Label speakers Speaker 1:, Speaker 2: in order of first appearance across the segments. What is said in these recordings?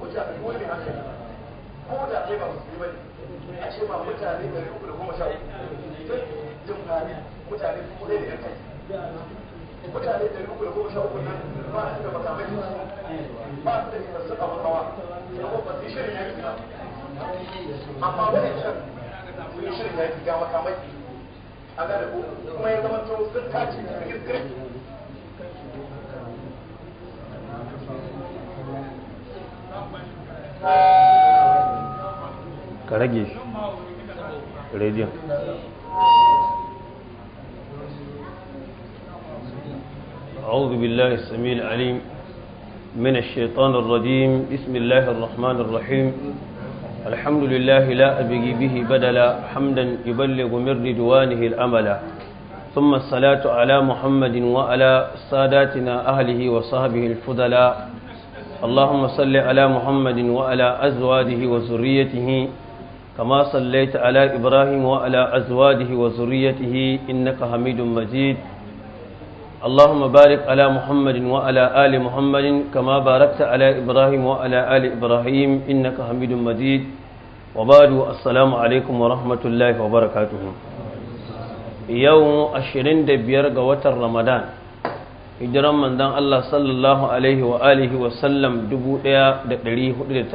Speaker 1: hukunce a duk wani hankali ko da kai ba musulmi ba ne a ce ma mutane da uku da goma sha uku don jin fari mutane dubu ɗaya da yan kai mutane da uku da goma sha uku nan ba su da makamai ba su da hirarsu a makawa da kuma ba su yi shirin yaki ba amma wani can su yi shirin yaki ga makamai a gane ko kuma ya zama to sun tace da girgir
Speaker 2: ka shi أعوذ بالله السميع العليم من الشيطان الرجيم بسم الله الرحمن الرحيم الحمد لله لا أبغي به بدلا حمدا يبلغ من رضوانه الأملا ثم الصلاة على محمد وعلى ساداتنا أهله وصحبه الفضلاء اللهم صل على محمد وعلى أزواجه وذريته كما صليت على إبراهيم وعلى أزواجه وذريته إنك حميد مجيد اللهم بارك على محمد وعلى آل محمد كما باركت على إبراهيم وعلى آل إبراهيم إنك حميد مجيد وبعد السلام عليكم ورحمة الله وبركاته يوم 25 ga watan Ramadan hijiran manzon Allah sallallahu alaihi wa alihi wa sallam 1432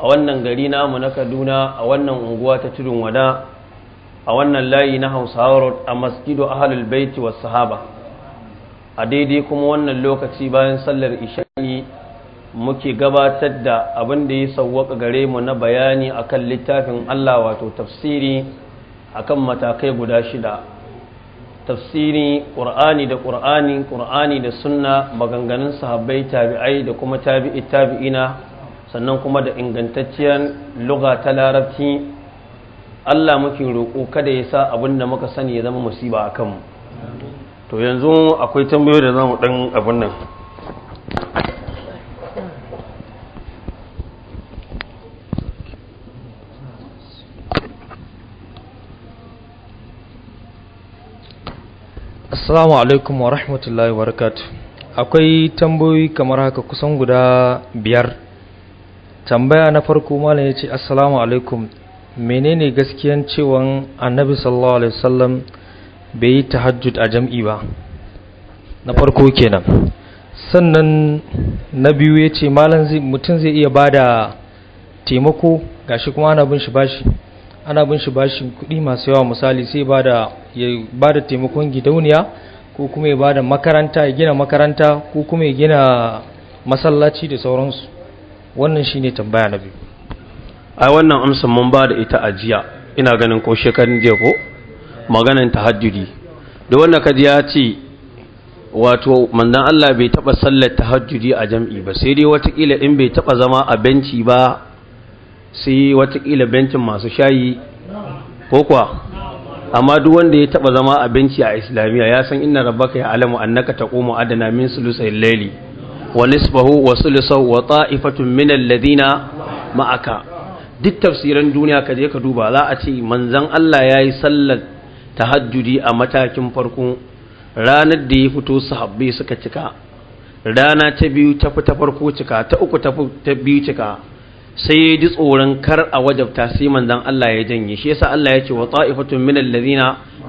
Speaker 2: a wannan gari namu na Kaduna a wannan unguwa ta tudun wada a wannan layi na Hausawa Road a Masjidu Ahlul Bait wa Sahaba a daidai kuma wannan lokaci bayan sallar isha'i muke gabatar da abin da ya sauwaka gare mu na bayani akan littafin Allah wato tafsiri akan matakai guda shida tafsiri ƙur'ani da ƙur'ani ƙur'ani da sunna maganganun sahabbai tabi'ai da kuma tabi'i tabi'ina sannan kuma da ingantacciyar luga ta larabci Allah muke roƙo kada ya sa abin da muka sani ya zama musiba a kanmu to yanzu akwai tambayoyi da zamu ɗan abin nan
Speaker 3: Assalamu alaikum wa rahmatullahi wa barakatu. Akwai tambayoyi kamar haka kusan guda biyar. Tambaya na farko malam ya ce Assalamu alaikum menene gaskiyan cewa annabi sallallahu alaihi wasallam bai yi tahajjud a jam'i ba. Na farko kenan. Sannan na biyu ya ce mutum zai iya bada taimako gashi kuma ana bin shi bashi. ana bin shi bashin kuɗi masu yawa misali sai ba da ya ba da taimakon gidauniya ko kuma ya ba da makaranta ya gina makaranta ko kuma ya gina masallaci da sauransu wannan shi ne tambaya na biyu
Speaker 2: a wannan amsan mun ba da ita a jiya ina ganin ko shekarun jiya ko ta tahajjudi da wannan kaji ya ce wato mandan Allah bai taba sallar tahajjudi a jam'i ba sai dai watakila in bai taba zama a benci ba sai watakila bencin masu shayi ko kuwa amma duk wanda ya taba zama a benci a islamiyya ya san inna rabbaka ya alamu annaka taqumu adana min sulusayil layli wa nisbahu wa sulusau wa ta'ifatun min alladhina ma'aka duk tafsiran duniya ka je ka duba za a ce manzan Allah yayi sallar tahajjudi a matakin farko ranar da ya fito sahabbai suka cika rana ta biyu ta fi ta farko cika ta uku ta biyu cika sai ya ji tsoron kar a wajabta sai manzon Allah ya janye shi yasa Allah ya ce wa ta'ifatun min alladhina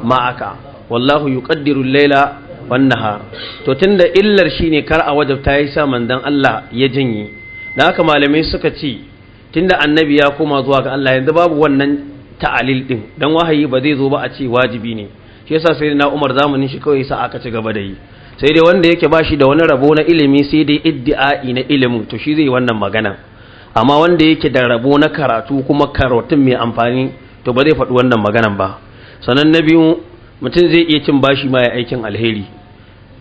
Speaker 2: ma'aka wallahu yuqaddiru al-laila wan nahar to tunda illar shine kar a wajabta ya sa manzon Allah ya janye dan haka malamai suka ce tunda annabi ya koma zuwa ga Allah yanzu babu wannan ta'alil din dan wahayi ba zai zo ba a ce wajibi ne shi yasa sai na Umar zamanin shi kawai sa aka ci gaba da yi sai dai wanda yake bashi da wani rabo na ilimi sai dai iddi'ai na ilimin to shi zai wannan magana amma wanda yake da rabo na karatu kuma karatun mai amfani to ba zai faɗi wannan maganan ba sannan na biyu mutum zai iya cin bashi ma ya aikin alheri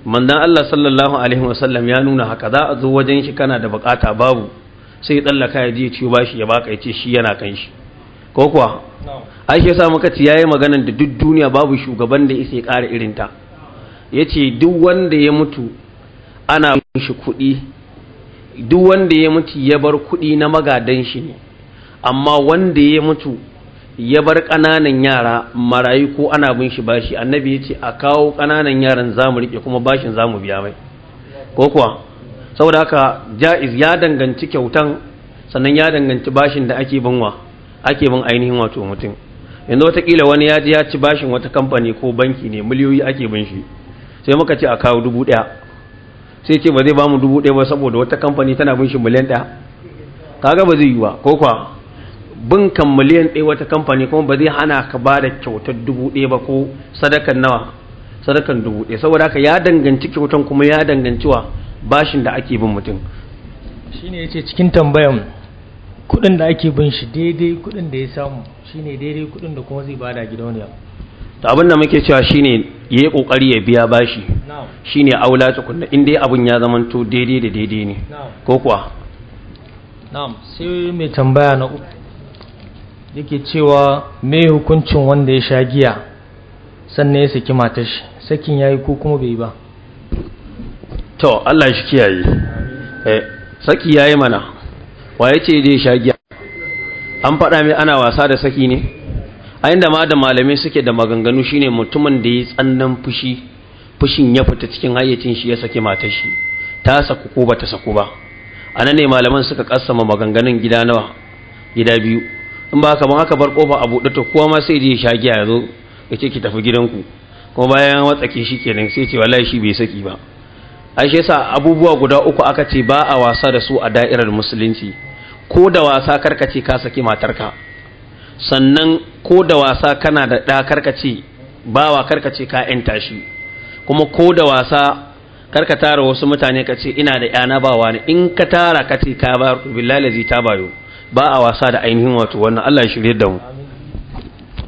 Speaker 2: mandan Allah sallallahu alaihi wasallam ya nuna haka za a zo wajen shi kana da bukata babu sai tsallaka ya je ya bashi ya baka ya ce shi yana kan shi ko kuwa ai shi yasa muka yayi maganan da duk duniya babu shugaban da ya kare irin ta yace duk wanda ya mutu ana shi kuɗi duk wanda ya mutu ya bar kuɗi na magadan shi ne amma wanda ya mutu ya bar ƙananan yara marayu ko ana bin shi bashi annabi ya ce a kawo ƙananan yaran za mu riƙe kuma bashin za mu biya mai ko kuwa saboda haka ja'iz ya danganci kyautan sannan ya danganci bashin da ake bin wa ake bin ainihin wato mutum yanzu watakila wani ya ji ya ci bashin wata kamfani ko banki ne miliyoyi ake bin shi sai muka ce a kawo dubu ɗaya sai ce ba zai ba mu dubu ɗaya ba saboda wata kamfani tana bin shi miliyan ɗaya kaga ba zai yi ba ko kwa bin kan miliyan ɗaya wata kamfani kuma ba zai hana ka ba da kyautar dubu ɗaya ba ko sadakan nawa sadakan dubu ɗaya saboda haka ya danganci kyautan kuma ya danganci wa bashin da ake bin mutum
Speaker 3: shine yace cikin tambayan kuɗin da ake bin shi daidai kuɗin da ya samu shine daidai kuɗin da kuma zai bada gidauniya
Speaker 2: to abin da muke cewa shine yayi kokari ya biya bashi shi ne aula tukunna in dai abun ya zamanto daidai da daidai ne ko kuwa
Speaker 3: na'am sai mai tambaya na uku yake cewa mai hukuncin wanda ya sha giya sannan ya saki matar shi sakin yi ko kuma bai ba
Speaker 2: to Allah shi kiyaye eh, saki ya yi mana waye ce zai sha giya an faɗa mai ana wasa da saki ne a inda ma da malamai suke da maganganu shine mutumin da ya tsannan fushi fushin ya fita cikin hayyacin shi ya saki matar shi ta saku ko bata saku ba a nan ne malaman suka kassama maganganun gida nawa gida biyu in ba kamar aka bar kofa a buɗe to kowa ma sai je sha giya ya zo ya ce ki tafi gidanku kuma bayan watsake shi kenan sai ce wallahi shi bai saki ba Aisha shi yasa abubuwa guda uku aka ce ba a wasa da su a da'irar musulunci ko da wasa karkace ka saki matarka sannan ko da wasa kana da ɗa karkace wa karkace ka 'yanta shi kuma ko da wasa kar ka tara wasu mutane ka ce ina da yana ba wani in ka tara ka ce ka bayar billahi lazi ta bayo ba a wasa da ainihin wato wannan Allah ya shirye da mu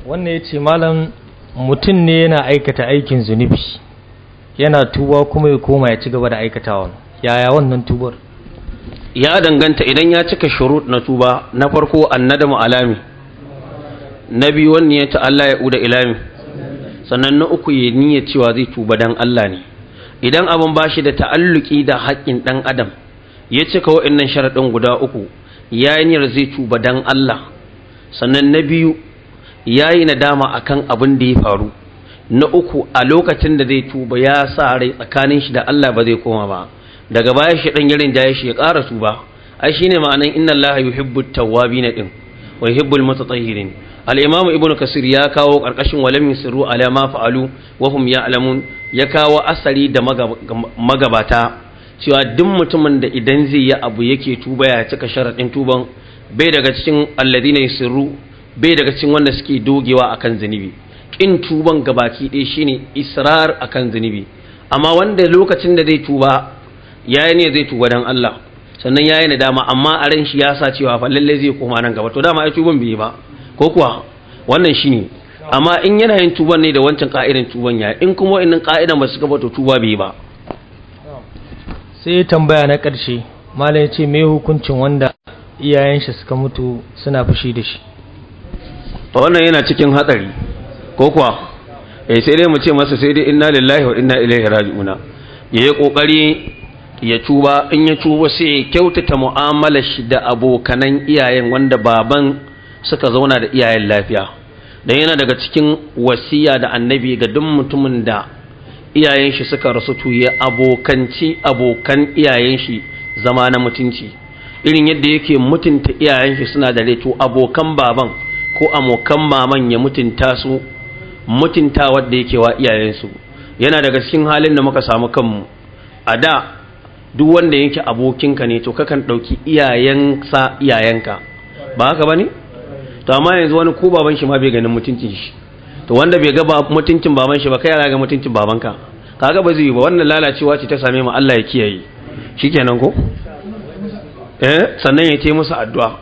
Speaker 3: wannan yace malam mutum ne yana aikata aikin zunubi yana tuba kuma ya koma ya ci gaba da aikatawa yaya wannan tubar
Speaker 2: ya danganta idan ya cika shurut na tuba na farko annadamu alami na biyu wannan ya ta Allah ya uda ilami sannan na uku ya niyya cewa zai tuba dan Allah ne idan abin ba shi da ta'alluki da haƙƙin ɗan adam ya cika wa'annan sharaɗin guda uku ya yi niyyar zai tuba dan Allah sannan na biyu ya yi nadama kan abin da ya faru na uku a lokacin da zai tuba ya sa rai tsakanin shi da Allah ba zai koma ba daga baya shi ɗan yarin da ya shi ya ƙara tuba ai shine ma'anan inna Allah yuhibbu tawwabin din ويحب المتطهرين الامام al كثير ibnu kasir ya kawo karkashin على ما فعلوا وهم fa'alu يا كاو اسري ya kawo asali da magabata cewa duk mutumin da idan zai yi abu yake tuba ya cika sharadin tuban bai daga cikin alladhina sirru bai daga cikin wanda suke dogewa akan zunubi kin tuban gabaki ɗaya shine israr akan zunubi amma wanda lokacin da zai tuba yayi ne zai tuba dan Allah sannan ya na nadama amma a ran shi ya sa cewa fa zai koma nan gaba to dama ya tuban bai ba ko kuwa wannan ne amma in yana yin tuban ne da wancan ka'idan tuban ya in kuma wa'annan ka'idan ba su gaba to tuba bai ba
Speaker 3: sai tambaya na ƙarshe malam ya ce me hukuncin wanda iyayen shi suka mutu suna fushi da shi
Speaker 2: wannan yana cikin hatsari ko kuwa eh sai dai mu ce masa sai dai inna lillahi wa inna ilaihi raji'una yayi kokari ya tuba in ya tuba sai ya kyautata mu'amalar shi da abokanan iyayen wanda baban suka zauna da iyayen lafiya da yana daga cikin wasiya da annabi ga duk mutumin da iyayen shi suka rasu to abokanci abokan iyayen shi zama na mutunci irin yadda yake mutunta iyayen shi suna da to abokan baban ko amokan maman ya mutunta su mutunta wanda yake wa iyayen su yana daga cikin halin da muka samu kanmu a da duk wanda yake abokinka ne to kakan ɗauki iyayensa iyayenka ba haka ba ne to amma yanzu wani ko baban shi ma bai ganin mutuncin shi to wanda bai ga mutuncin baban shi ba kai yana ga mutuncin babanka kaga ba zai yi ba wannan lalacewa ce ta same mu Allah ya kiyaye shikenan ko eh sannan ya ce musu addu'a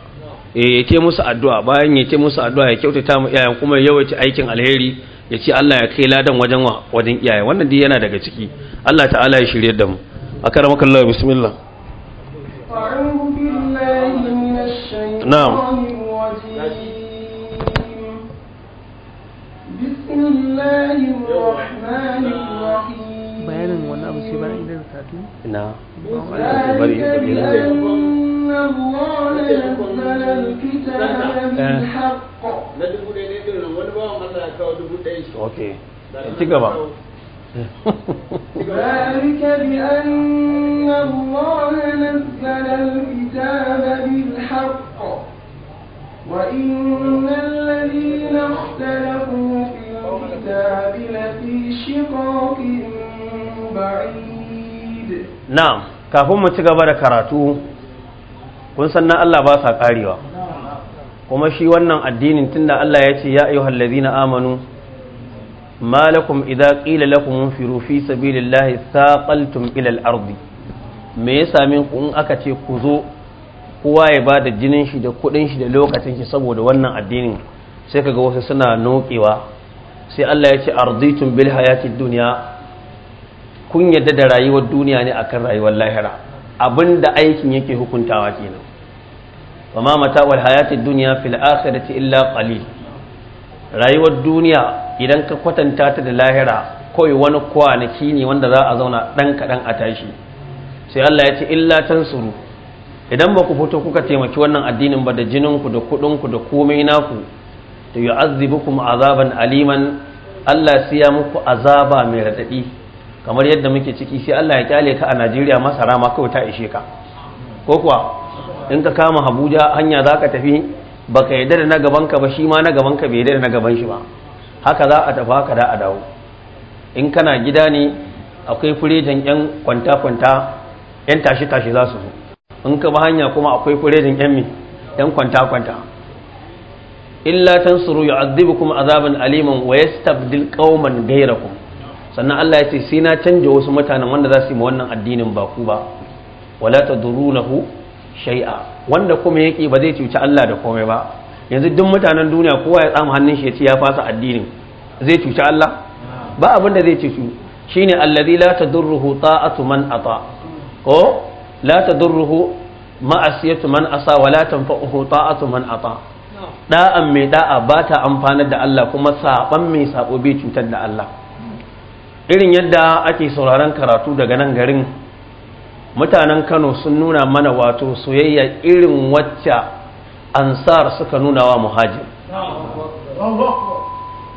Speaker 2: eh ya ce musu addu'a bayan ya ce musu addu'a ya kyautata mu iyayen kuma ya yawaita aikin alheri ya ce Allah ya kai ladan wajen wajen iyaye wannan dai yana daga ciki Allah ta'ala ya shirye da mu akara maka Allah bismillah
Speaker 1: a'udhu billahi minash shaitanir rajim bismillahir rahmanir rahim
Speaker 2: bayanin wannan abu na bari Na dubu ذلك بأن الله
Speaker 1: نزل الكتاب بالحق وإن الذين اختلفوا في الكتاب لفي شقاق بعيد
Speaker 2: نعم kafin تقبل كراتو kun san na Allah ba sa karewa kuma shi wannan addinin tunda Allah ya ce ya ayyuhallazina amanu ما لكم ƙila قيل لكم انفروا في سبيل الله ثاقلتم إلى الأرض me yasa min kun aka ce ku zo kowa ya ba da jinin shi da kudin shi da lokacin shi saboda wannan addinin sai kaga wasu suna nokewa sai Allah ya ce arditum bil hayatid dunya kun yarda da rayuwar duniya ne akan rayuwar lahira abinda aikin yake hukuntawa kenan wa ma mata'ul hayatid dunya fil akhirati illa qalil rayuwar duniya idan ka kwatanta ta da lahira kawai wani kwanaki ne wanda za a zauna ɗan kaɗan a tashi sai Allah ya ce illa can tansuru idan ba ku fito kuka taimaki wannan addinin ba da jininku da kuɗinku da komai naku to yu'azzibukum azaban aliman Allah siya muku azaba mai raɗaɗi kamar yadda muke ciki sai Allah ya kyale ka a Najeriya masara ma kawai ta ishe ka ko kuwa in ka kama Abuja hanya za ka tafi baka yarda da na gaban ka ba shi ma na gaban ka bai yadda da na gaban shi ba haka za a tafi haka da a dawo in kana gida ne akwai firejin yan kwanta kwanta yan tashi tashi za su zo in ka ba hanya kuma akwai firejin yan mi yan kwanta kwanta illa tansuru yu'adhibukum azaban aliman wa yastabdil qauman ghayrakum sannan Allah ya ce sai na canja wasu mutanen wanda za su yi wannan addinin ba ku ba wala ku? shai'a wanda kuma yake ba zai cuci Allah da komai ba yanzu duk mutanen duniya kowa ya tsama hannun shi ya ci ya fasa addinin zai cuci Allah ba abin da zai cuci shine allazi la tadurruhu ta'atu man ata ko la tadurruhu ma'asiyatu man asa wa la tanfa'uhu ta'atu man ata da'an mai da'a ba ta amfanar da Allah kuma saban mai sabo bai cutar da Allah irin yadda ake sauraron karatu daga nan garin mutanen kano sun nuna mana wato soyayya irin wacce ansar suka nuna wa muhajir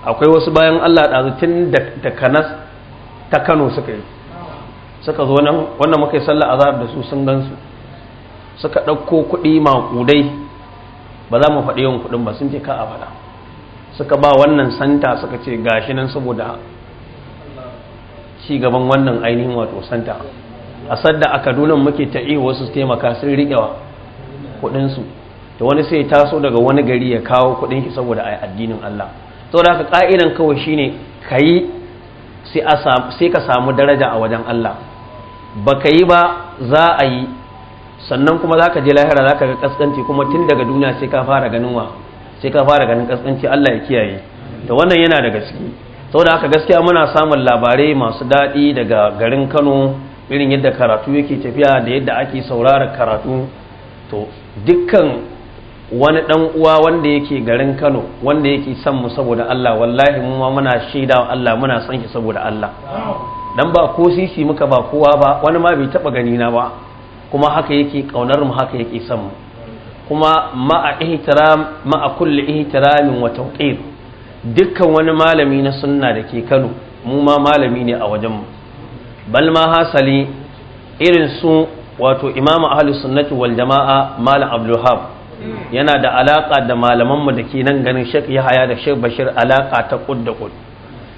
Speaker 2: akwai wasu bayan allah ɗazutun da kanas ta kano suka yi suka zo nan wannan muka yi a zarar da su sun gansu suka ɗauko kuɗi maƙudai ba za mu faɗi yawan kuɗin ba sun ce ka a faɗa suka ba wannan santa suka ce gashi nan saboda ci gaban wannan ainihin wato santa a sadda a kaduna muke ta iya wasu taimaka sun riƙewa kuɗinsu da wani sai taso daga wani gari ya kawo kuɗin ki saboda a addinin Allah da haka ƙa'idan kawai shine ka yi sai ka samu daraja a wajen Allah ba ka yi ba za a yi sannan kuma za ka je lahira za ka ga kaskanci kuma tun daga duniya sai ka fara ganin wa sai ka fara ganin kaskanci Allah ya kiyaye da wannan yana da gaske Sau da haka gaskiya muna samun labarai masu daɗi daga garin Kano irin yadda karatu yake tafiya da yadda ake saurara karatu to dukkan wani dan uwa wanda yake garin Kano wanda yake son mu saboda Allah wallahi mu ma muna shaida Allah muna son shi saboda Allah dan ba ko sisi muka ba kowa ba wani ma bai taba gani na ba kuma haka yake kaunar mu haka yake son mu kuma a ihtiram a kulli ihtiramin wa tawqir dukkan wani malami na sunna da ke Kano mu ma malami ne a wajen mu bal ma hasali irin su wato imamu ahlus sunnati wal jama'a malam abdulhab yana da alaka da malaman mu da ke nan ganin shek yahaya da shek bashir alaka ta kud da kud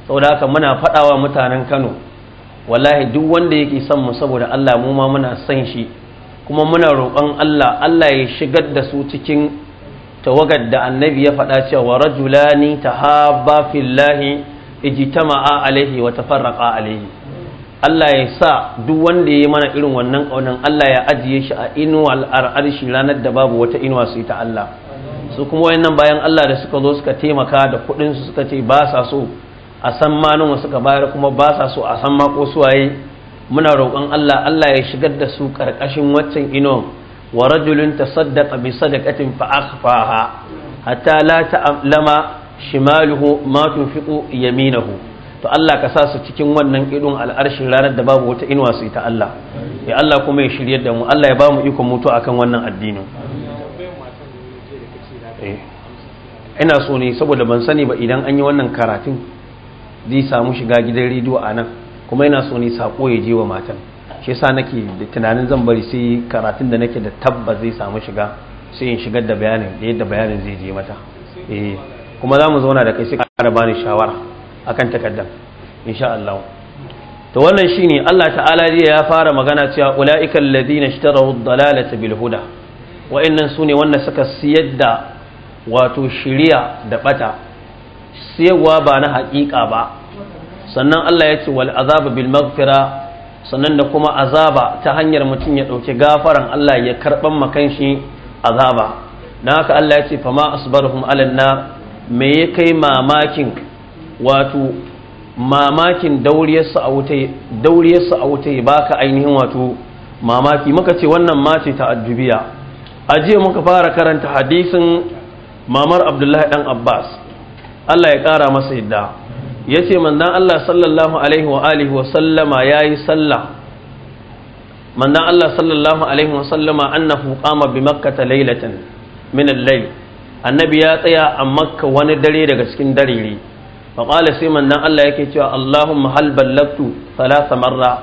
Speaker 2: saboda haka muna faɗawa mutanen kano wallahi duk wanda yake son mu saboda allah mu ma muna son shi kuma muna roƙon allah allah ya shigar da su cikin tawagar da annabi ya faɗa cewa rajulani tahabba fillahi ijtama'a alaihi wa tafarraqa alaihi Allah ya sa duk wanda ya yi mana irin wannan ƙaunar Allah ya ajiye shi a inuwa al'arshi ranar da babu wata inuwa su ta Allah su kuma wayannan bayan Allah da suka zo suka taimaka da kuɗin su suka ce ba sa so a san ma wasu suka bayar kuma ba sa so a san ma suwaye muna roƙon Allah Allah ya shigar da su ƙarƙashin waccan inuwan wa rajulun tasaddaqa bi sadaqatin fa akhfaha hatta la ta'lama shimaluhu ma tunfiqu yaminahu to Allah ka sa su cikin wannan idon al'arshin ranar da babu wata inuwa su ta Allah ya Allah kuma ya shirye da mu Allah ya ba mu ikon mutu akan wannan addinin eh. ina so ne saboda ban sani ba idan an yi wannan karatun zai samu shiga gidan rediyo a nan kuma ina so ne sako ya je wa matan shi yasa nake da tunanin zan bari sai karatun da nake da tabba zai samu shiga sai in shigar da bayanin da yadda bayanin zai je mata eh. kuma za mu zauna da kai sai ka bani shawara akan kan insha Allah to wannan shine Allah ta'ala ya fara magana cewa ulaiikal ladina ishtaraw ad-dalalata bil huda wa'annan sune wanda suka siyar da wato shiriya da bata siyarwa ba na haƙiƙa ba sannan Allah ya ce wal azaba bil maghfira sannan da kuma azaba ta hanyar mutum ya ɗauki gafaran Allah ya karɓan shi azaba na haka Allah ya ce fama asbarhum alanna me ya kai mamakin wato mamakin dauriyarsa a wuta dauriyarsa a baka ainihin wato mamaki muka ce wannan mace ta addubiya a jiya muka fara karanta hadisin mamar abdullahi dan abbas Allah ya kara masa yadda ya ce mandan Allah sallallahu alaihi wa alihi wa sallama ya yi sallah mandan Allah sallallahu alaihi wa sallama annahu qama bi makkata lailatan min al-layl annabi ya tsaya a makka wani dare daga cikin darere faƙala sai manzan Allah yake cewa Allahumma hal ballabtu salasa marra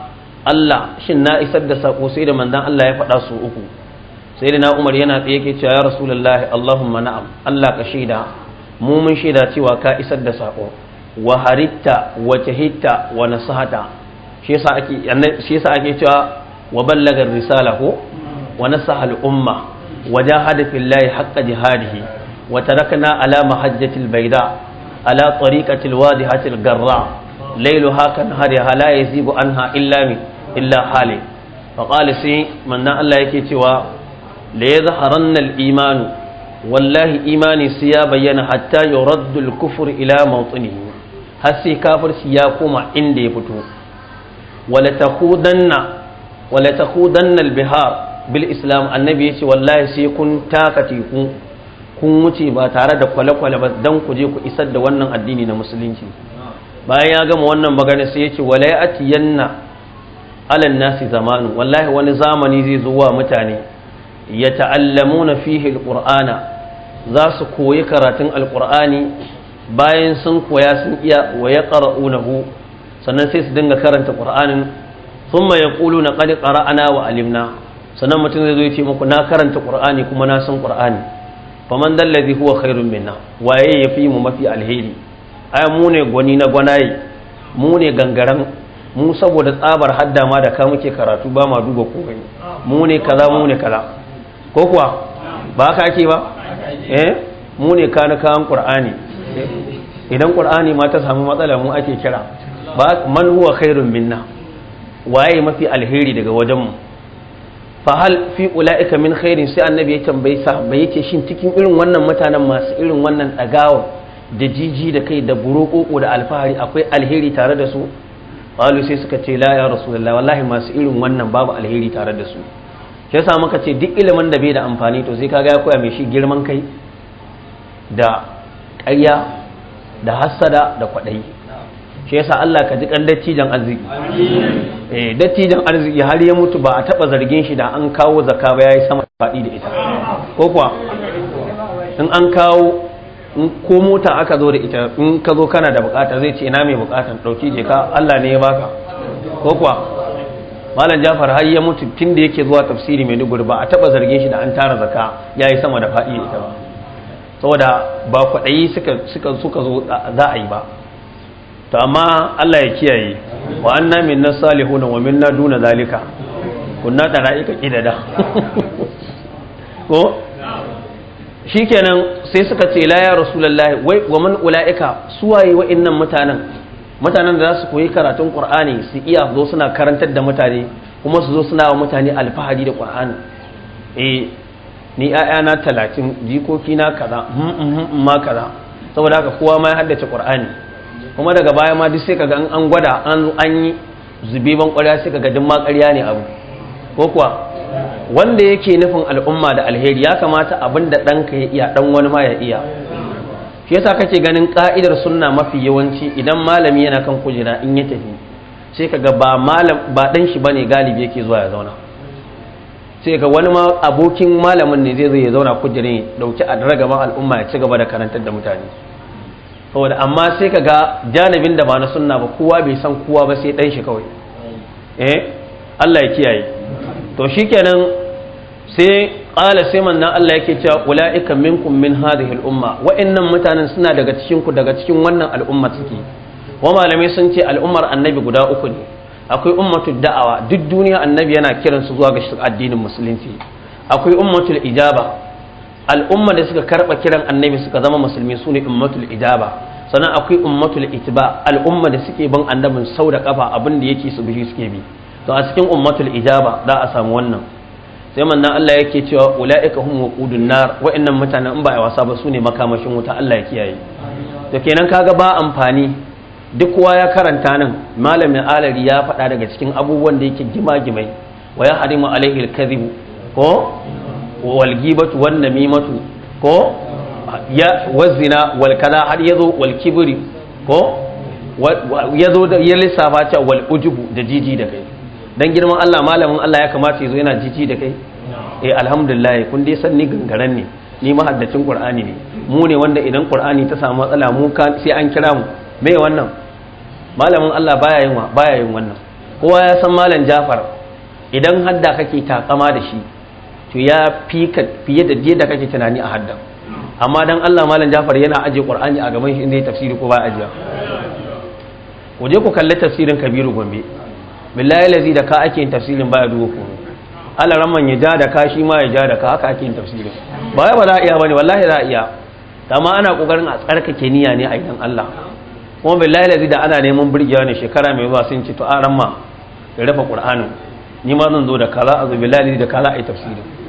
Speaker 2: Allah shin na isar da sako sai da manzan Allah ya faɗa su uku sai da Umar yana tsaye yake cewa ya rasulullahi Allahumma na'am Allah ka shaida mu mun shaida cewa ka isar da sako wa haritta wa jahitta wa nasahata shi yasa ake shi yasa ake cewa wa ballaga risala ko wa nasaha al-umma wa jahada fillahi haqqa jihadihi wa tarakna ala mahajjatil bayda ala tariqatil wadihatil garra hakan kan hariha la yazibu anha illa mi illa hali fa qala sai manna Allah yake cewa la yazharanna al iman wallahi imani sai ya bayyana hatta yuraddu kufur ila mawtinihi har sai kafirci ya koma inda ya fito wala takudanna wala bihar bil islam annabi ya ce wallahi sai kun taka teku kun wuce ba tare da kwale-kwale ba don ku je ku isar da wannan addini na musulunci bayan ya gama wannan magana sai yake walayati yanna alan nasi zamanu wallahi wani zamani zai zo wa mutane ya ta'allamuna fihe alqur'ana za su koyi karatun alqur'ani bayan sun koya sun iya wa hu sannan sai su dinga karanta mai ƙulu na ƙari ƙara'ana wa alimna sannan mutum zai zo ya ce muku na karanta ƙura'ani kuma na san ƙura'ani faman dallazi huwa khairun minna waye ya fi mu mafi alheri ai mu ne gwani na gwanaye mu ne gangaran mu saboda tsabar hadda ma da ka muke karatu ba ma duba komai mu ne kaza mu ne kaza ko kuwa ba ka ake ba eh mu ne kana kan qur'ani idan qur'ani ma ta samu matsala mu ake kira ba man huwa khairun minna waye mafi alheri daga wajen mu fahal fi ula'ika min khairin sai annabi ya tambayi bai yake shin cikin irin wannan mutanen masu irin wannan dagawa da jiji da kai da burukoko da alfahari akwai alheri tare da su qalu sai suka ce la ya rasulullah wallahi masu irin wannan babu alheri tare da su shi yasa muka ce duk ilimin da bai da amfani to sai kaga ya koya mai shi girman kai da ƙarya da hassada da kwaɗayi shi yasa Allah ka ji kan dattijan arziki eh dattijan arziki har ya mutu ba a taba zargin shi da an kawo zaka ba yayi sama faɗi da ita ko kuwa in an kawo in ko mota aka zo da ita in ka zo kana da bukata zai ce ina mai bukatan dauki je ka Allah ne ya baka ko kuwa malam Jafar har ya mutu tun da yake zuwa tafsiri mai duguri ba a taba zargin shi da an tara zaka yayi sama da faɗi da ita ba saboda ba kwaɗayi suka suka zo za a yi ba to amma Allah ya kiyaye wa anna minna salihuna wa minna duna zalika kunna dara'ika kidada ko shikenan sai suka ce la ya rasulullahi wai wa man ulaika suwaye innan mutanen mutanen da za su koyi karatun qur'ani su iya zo suna karantar da mutane kuma su zo suna wa mutane alfahari da qur'ani eh ni ayana talatin jikoki na kaza mm, mm, mm, ma kaza saboda haka kowa ma ya haddace qur'ani kuma daga baya ma duk sai kaga an gwada an an yi zubiban ban ƙwarya sai kaga duk ma ƙarya ne abu ko kuwa wanda yake nufin al'umma da alheri ya kamata abin da ɗanka ya iya ɗan wani ma ya iya shi yasa kake ganin ka'idar sunna mafi yawanci idan malami yana kan kujera in ya tafi sai kaga ba malam ba dan shi bane galibi yake zuwa ya zauna sai ka wani ma abokin malamin ne zai zai ya zauna kujerin dauki a ma al'umma ya ci gaba da karantar da mutane saboda amma sai ka ga janibin da ba na sunna ba kowa bai san kowa ba sai dan shi kawai eh Allah ya kiyaye to shi shikenan sai ƙala sai manna Allah yake cewa ula'ika minkum min hadhihi al-umma wa'annan mutanen suna daga cikin ku daga cikin wannan al'umma suke wa malamai sun ce al'ummar annabi guda uku ne akwai ummatul da'awa duk duniya annabi yana kiransu zuwa ga addinin musulunci akwai ummatul ijaba al'umma da suka karba kiran annabi suka zama musulmi su ne ummatul ijaba sannan akwai ummatul itiba al'umma da suke bin annabin sau da kafa abin da yake su bishi suke bi to a cikin ummatul ijaba za a samu wannan sai manna Allah yake cewa ulaika hum waqudun nar wa'annan mutanen in ba a wasa ba su ne makamashin wuta Allah ya kiyaye to kenan kaga ba amfani duk kowa ya karanta nan malamin alari ya faɗa daga cikin abubuwan da yake gima gimai wa ya harimu alaihi alkadhib ko wal ghibatu wan namimatu ko ya wazina wal kaza har yazo wal kibri ko yazo da ya lissafa ta wal ujubu da jiji da kai dan girman Allah malamin Allah ya kamata yazo yana jiji da kai eh alhamdulillah kun dai san ni gangaren ne ni mahaddacin qur'ani ne mu ne wanda idan qur'ani ta samu matsala mu sai an kira mu me wannan malamin Allah baya yin wa baya yin wannan kowa ya san malam Jafar idan hadda kake takama da shi to ya fi ka fiye da yadda kake tunani a haddan amma dan Allah malam Jafar yana aje Qur'ani a gaban shi ne tafsiri ko ba ajiya ku je ku kalli tafsirin Kabiru Gombe billahi lazi da ka ake yin tafsirin ba duwo ku Allah ramman ya ja da ka shi ma ya ja da ka haka ake yin tafsirin ba ya ba za a iya bane wallahi za a iya amma ana kokarin a tsarkake niyya ne a idan Allah kuma billahi lazi da ana neman burgewa ne shekara mai zuwa sun ci to a ramma ya rafa Qur'anin ni ma zan zo da kala azu billahi da kala ai tafsirin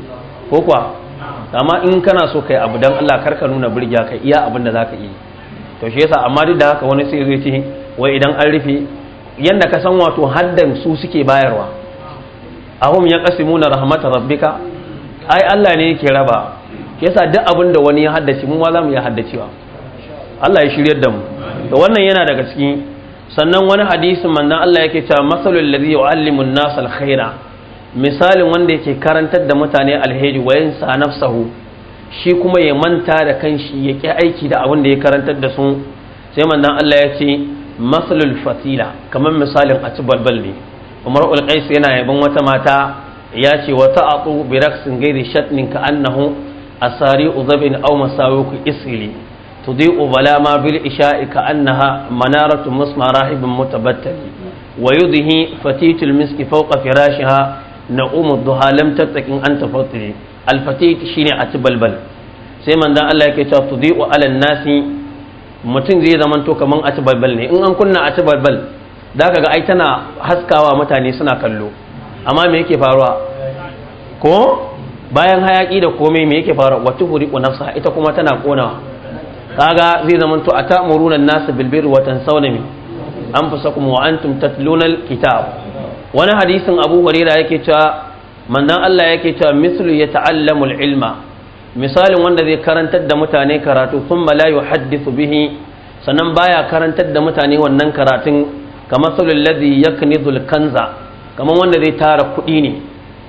Speaker 2: ko kuwa amma in kana so kai abu dan Allah kar ka nuna burgiya kai iya abin da ka yi to shi yasa amma duk da haka wani sai zai ce wai idan an rufe yanda ka san wato haddan su suke bayarwa ahum qasimuna rahmat rabbika ai Allah ne yake raba yasa duk abin da wani ya haddace mu ma za mu ya haddacewa Allah ya shiryar da mu to wannan yana daga cikin sannan wani hadisin manzon Allah yake cewa masalul ladhi yu'allimu an al-khaira misalin wanda yake karantar da mutane alheri wayan sa nafsahu shi kuma ya manta da kanshi ya ki aiki da abin da ya karantar da su sai manzon Allah ya ce masalul fatila kamar misalin a ci balbal umar ulqais yana yabon wata mata ya ce wata aqu bi raqsin ghairi shatnin ka annahu asari udabin aw masawiku isili tudi'u bala ma bil isha'i ka annaha manaratu musma rahibin mutabattali ويضهي fatitul miski? فوق فراشها umar duha lamtar tattakin an tafattiri alfatik ne a ci balbal sai manzon Allah yake cewa wa alal nasi mutum zai zama to kaman a ci balbal ne in an kunna a ci balbal zaka ga ai tana haskawa mutane suna kallo amma me yake faruwa ko bayan hayaki da komai me yake faruwa wata huriqu nafsa ita kuma tana kona kaga zai zama to atamuruna nasa nasi watan birri wa tansawna min anfusakum wa antum tatluna kitab wani hadisin abu huraira yake cewa manzon Allah yake cewa mislu ya ta'allamul ilma misalin wanda zai karantar da mutane karatu thumma la yuhaddithu bihi sannan baya karantar da mutane wannan karatun kamar sulul ladhi yaknizul kanza kamar wanda zai tara kuɗi ne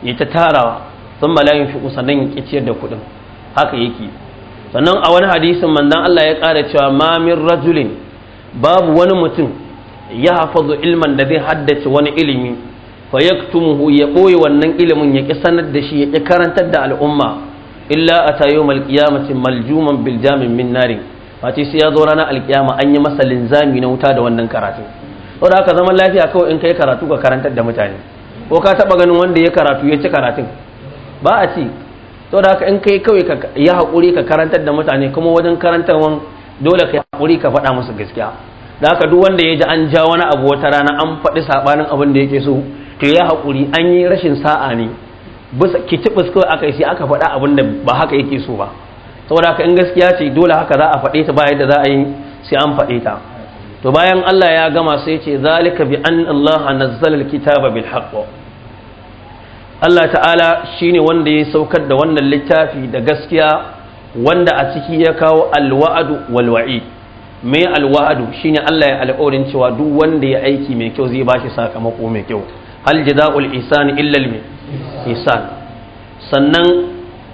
Speaker 2: ya ta tarawa sun la yunfiqu sannan ya ciyar da kuɗin haka yake sannan a wani hadisin manzon Allah ya ƙara cewa ma min rajulin babu wani mutum ya hafazu ilman da zai haddace wani ilimi fa yaktumuhu ya ɓoye wannan ilimin ya ƙi sanar da shi ya ƙi karantar da al'umma illa a tayo malkiyamacin maljuman biljamin min nari face sai ya zo ranar alkiyama an yi masa linzami na wuta da wannan karatu da haka zama lafiya kawai in kai karatu ka karantar da mutane ko ka taɓa ganin wanda ya karatu ya ci karatun ba a ci da haka in kai kawai yi haƙuri ka karantar da mutane kuma wajen karantarwan dole ka haƙuri ka faɗa musu gaskiya da aka duk wanda ya ji an ja wani abu wata rana an faɗi saɓanin abin da yake so to ya haƙuri an yi rashin sa'a ne ki kawai aka yi sai aka faɗa abin da ba haka yake so ba saboda haka in gaskiya ce dole haka za a faɗe ta bayan da za a yi sai an faɗe ta to bayan Allah ya gama sai ce zalika bi an Allah nazzala alkitaba bil haqq Allah ta'ala shine wanda ya saukar da wannan littafi da gaskiya wanda a ciki ya kawo alwa'adu wal wa'id me alwa'adu shine Allah ya alƙawarin cewa duk wanda ya aiki mai kyau zai bashi sakamako mai kyau hal jaza'ul ihsan illa al ihsan sannan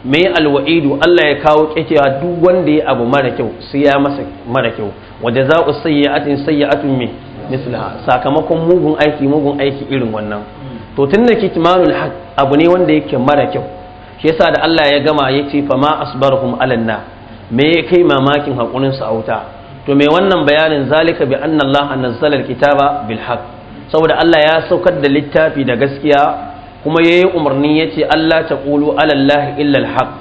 Speaker 2: mai alwa'idu Allah ya kawo kyakkyawa duk wanda ya abu mara kyau sai ya masa mara kyau wa jaza'us sayyi'atin sayyi'atun min mislaha sakamakon mugun aiki mugun aiki irin wannan to tunda kitmanul haq abu ne wanda yake mara kyau shi yasa da Allah ya gama ya ce fa ma asbarhum alanna me ya kai mamakin hakurin su a to me wannan bayanin zalika bi anna Allah nazzala alkitaba bil haqq saboda Allah ya saukar da littafi da gaskiya kuma yayi umarni yace Allah ta qulu ala Allah illa al-haq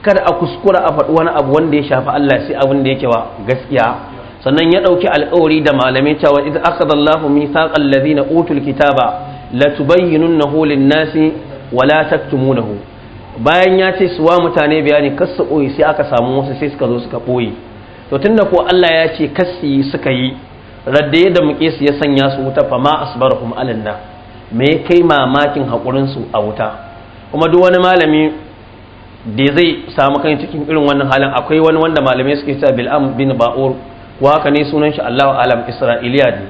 Speaker 2: kada a kuskura a faɗi wani abu wanda ya shafi Allah sai abin da yake wa gaskiya sannan ya ɗauki alƙawari da malamai cewa idza akhadha Allahu mithaqal ladina utul kitaba latubayyinunnahu lin-nasi wa la taktumunahu bayan ya ce suwa mutane bayani kasu oyi sai aka samu wasu sai suka zo suka ɓoye to tunda ko Allah ya ce kasu suka yi radda da muƙis ya sanya su wuta fa ma asbarahum alanna me kai mamakin haƙurinsu su a wuta kuma duk wani malami da zai samu kan cikin irin wannan halin akwai wani wanda malamai suke cewa bil'am bin ba'ur ko haka ne sunan shi Allahu alam isra'iliya ne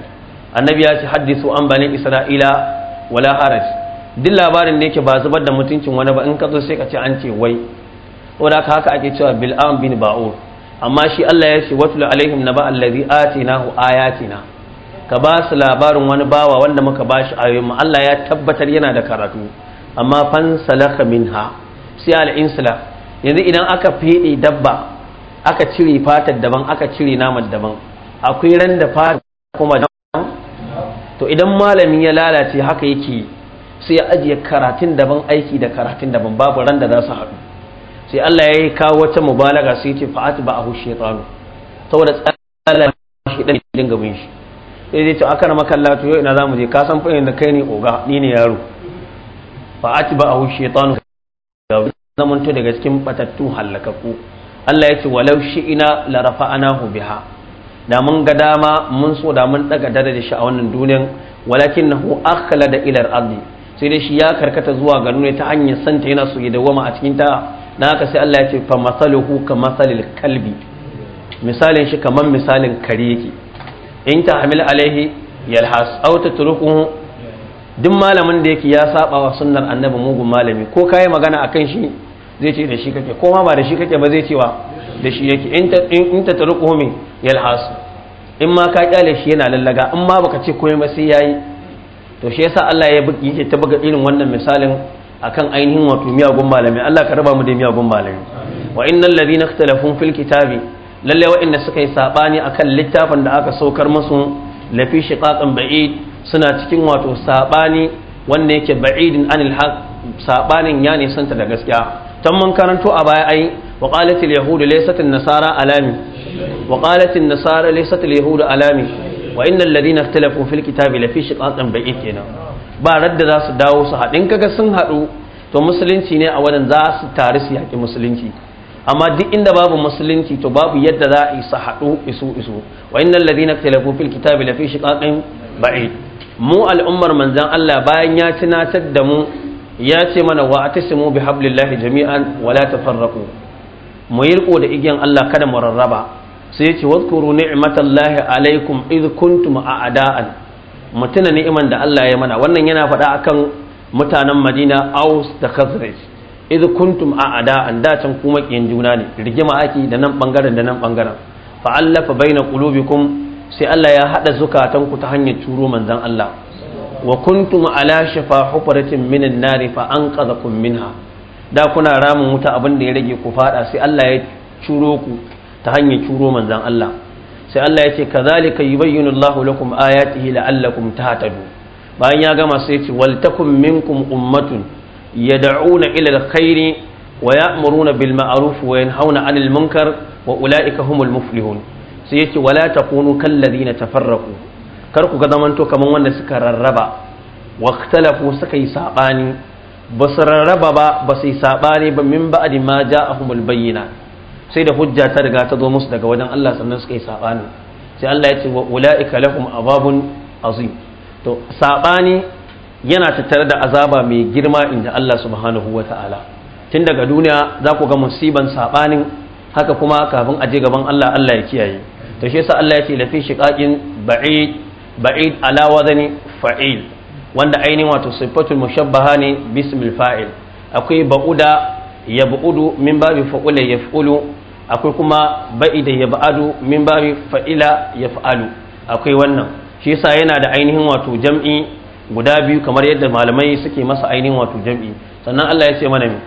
Speaker 2: annabi ya ci haddisu an bani isra'ila wala haraj duk labarin da yake ba zubar da mutuncin wani ba in ka zo sai ka ce an ce wai saboda haka ake cewa bil'am bin ba'ur amma shi Allah ya ce watlu alaihim naba allazi atinahu ayatina ka ba su labarin wani bawa wanda muka ba bashi ayoyin mu Allah ya tabbatar yana da karatu amma fan salaka minha sai al insula yanzu idan aka fede dabba aka cire fatar daban aka cire namar daban akwai ran da fata kuma to idan malami ya lalace haka yake sai ya ajiye karatun daban aiki da karatun daban babu ran da za su haɗu sai Allah ya yi kawo wata mubalaga sai ce fa'at ba a hushe tsano saboda tsala shi dan dinga bin shi sai dai ce aka na makalla to yau ina zamu je ka san da kai ne oga ni ne yaro fa'at ba a hushe tsano zaman to daga cikin batattu halakaku Allah ya ce walau shi ina ana rafa'anahu biha da mun ga dama mun so da mun daga dare da shi a wannan duniyan walakin nahu akala da al-ardi sai dai shi ya karkata zuwa ga nuna ta hanyar santa yana so ya dawama a cikin ta na haka sai Allah ya ce fa masaluhu ka masalil kalbi misalin shi kaman misalin kare yake in ta hamil alaihi yalhas aw tatrukuhu duk malamin da yake ya saba wa sunnar annabi mugun malami ko kai magana akan shi zai ce da shi kake ko ma ba da shi kake ba zai ce wa da shi yake in ta tarkuhu min yalhas in ma ka kyale shi yana lallaga in ma baka ce komai ba sai yayi to shi yasa Allah ya yake ta buga irin wannan misalin akan ainihin wato miyagun malami Allah ka raba mu da miyagun malami wa innal ladina ikhtalafun fil kitabi lalle wa'inda suka yi sabani akan littafin da aka saukar musu lafi shiqaqan ba'id suna cikin wato sabani wanda yake ba'idin anil haq sabanin ya nisanta da gaskiya tan mun karanto a baya ai wa qalat al yahud laysat an nasara alami wa qalat an nasara laysat al yahud alami wa innal ladina ikhtalafu fil kitabi lafi shiqaqan ba'id kenan ba radda za su dawo su haɗin kaga sun haɗu to musulunci ne a wajen za su tare su yaƙi musulunci amma duk inda babu musulunci to babu yadda za a yi su haɗu isu isu wa innal ladina ikhtalafu fil kitabi lafi shiqaqin ba'id mu al'ummar manzon Allah bayan ya ci tunatar da mu ya ce mana wa atasimu bi hablillahi jami'an wala la tafarraqu mu yi riko da igiyan Allah kada mu rarraba sai ya ce wazkuru ni'matallahi alaikum id kuntum a'da'an mutuna ne ni'iman da Allah ya mana wannan yana faɗa akan mutanen Madina Aus da Khazraj idh kuntum a'ada an da can kuma kiyin juna ne rigima ake da nan bangaren da nan bangaren fa allafa baina qulubikum sai Allah ya hada zukatan ku ta hanyar turo manzan Allah wa kuntum ala shafa hufratin minan nar fa anqadhakum minha da kuna ramin wuta abin ya rage ku fada sai Allah ya curo ku ta hanyar curo manzan Allah sai Allah ya ce kazalika yubayyinu Allahu lakum ayatihi la'allakum tahtadun bayan ya gama sai ya ce wal takum minkum ummatun yad'una ila alkhairi wa ya'muruna bil ma'ruf wa yanhauna 'anil munkar wa ulaika humul muflihun sai ya ce wala takunu kal ladina tafarraqu kar ku ga zamanto kaman wanda suka rarraba waktalafu suka yi sabani ba rarraba ba basu yi sabani ba min ba'di ma ja'ahumul bayyinat sai da hujja ta riga ta zo musu daga wajen Allah sannan suka yi sabani sai Allah ya ce wa ulaika lahum azabun azim to sabani yana tattare da azaba mai girma inda Allah subhanahu wataala tun daga duniya za ku ga musiban sabanin haka kuma kafin aje gaban Allah Allah ya kiyaye to shi yasa Allah ya ce lafi shiqaqin ba'id ba'id ala wadani fa'il wanda ainihin wato sifatul mushabbaha ne bismil fa'il akwai ba'uda ya bu'udu min babu fa'ula ya akwai kuma ba'i da ya ba'adu min babi fa'ila ya fa'alu akwai wannan shi yasa yana da ainihin wato jam'i guda biyu kamar yadda malamai suke masa ainihin wato jam'i sannan Allah ya ce mana ne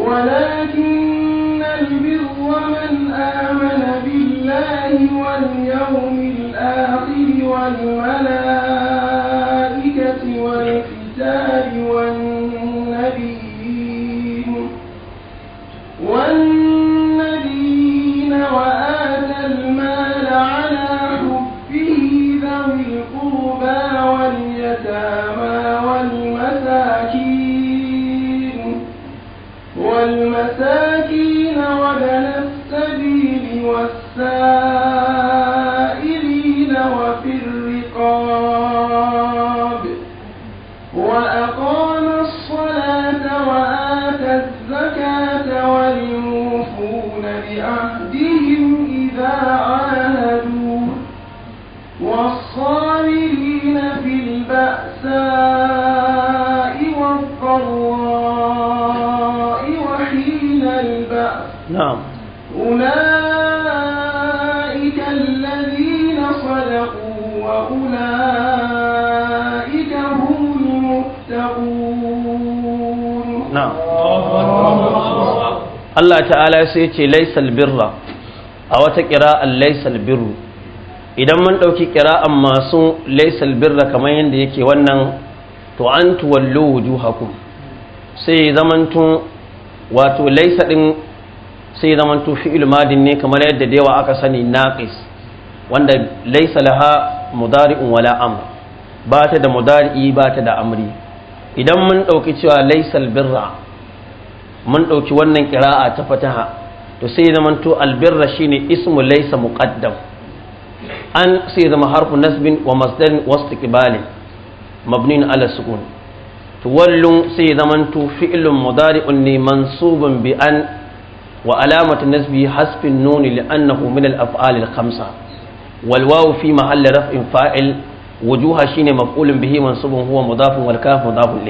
Speaker 1: ولكن واليوم الآخر والملائكة والكتاب والنبي
Speaker 2: Allah ta'ala sai ce laisal birra a wata ƙira'an laisal birru idan mun ɗauki ƙira'an masu laisal birra kamar yadda yake wannan to an tuwallo wujuhakum sai wato laisa ɗin sai zamanto fi'il madin ne kamar yadda da yawa aka sani naqis wanda laisa laha mudari'un wala amr ba ta da mudari'i ba ta da amri idan mun ɗauki cewa laisal birra mun ɗauki wannan ƙira'a ta fataha to sai ya zama to albirra shine ismu laisa muqaddam an sai zama harfu nasbin wa masdarin wastiqbalin mabnin ala sukun to wallun sai ya zama to fi'lun mudari'un ne mansubun bi an wa alamatu nasbi hasfin nuni li'annahu min al-af'al al-khamsa wal wawu fi mahalli raf'in fa'il wujuha shine maf'ulun bihi mansubun huwa mudafun wal kaf mudafun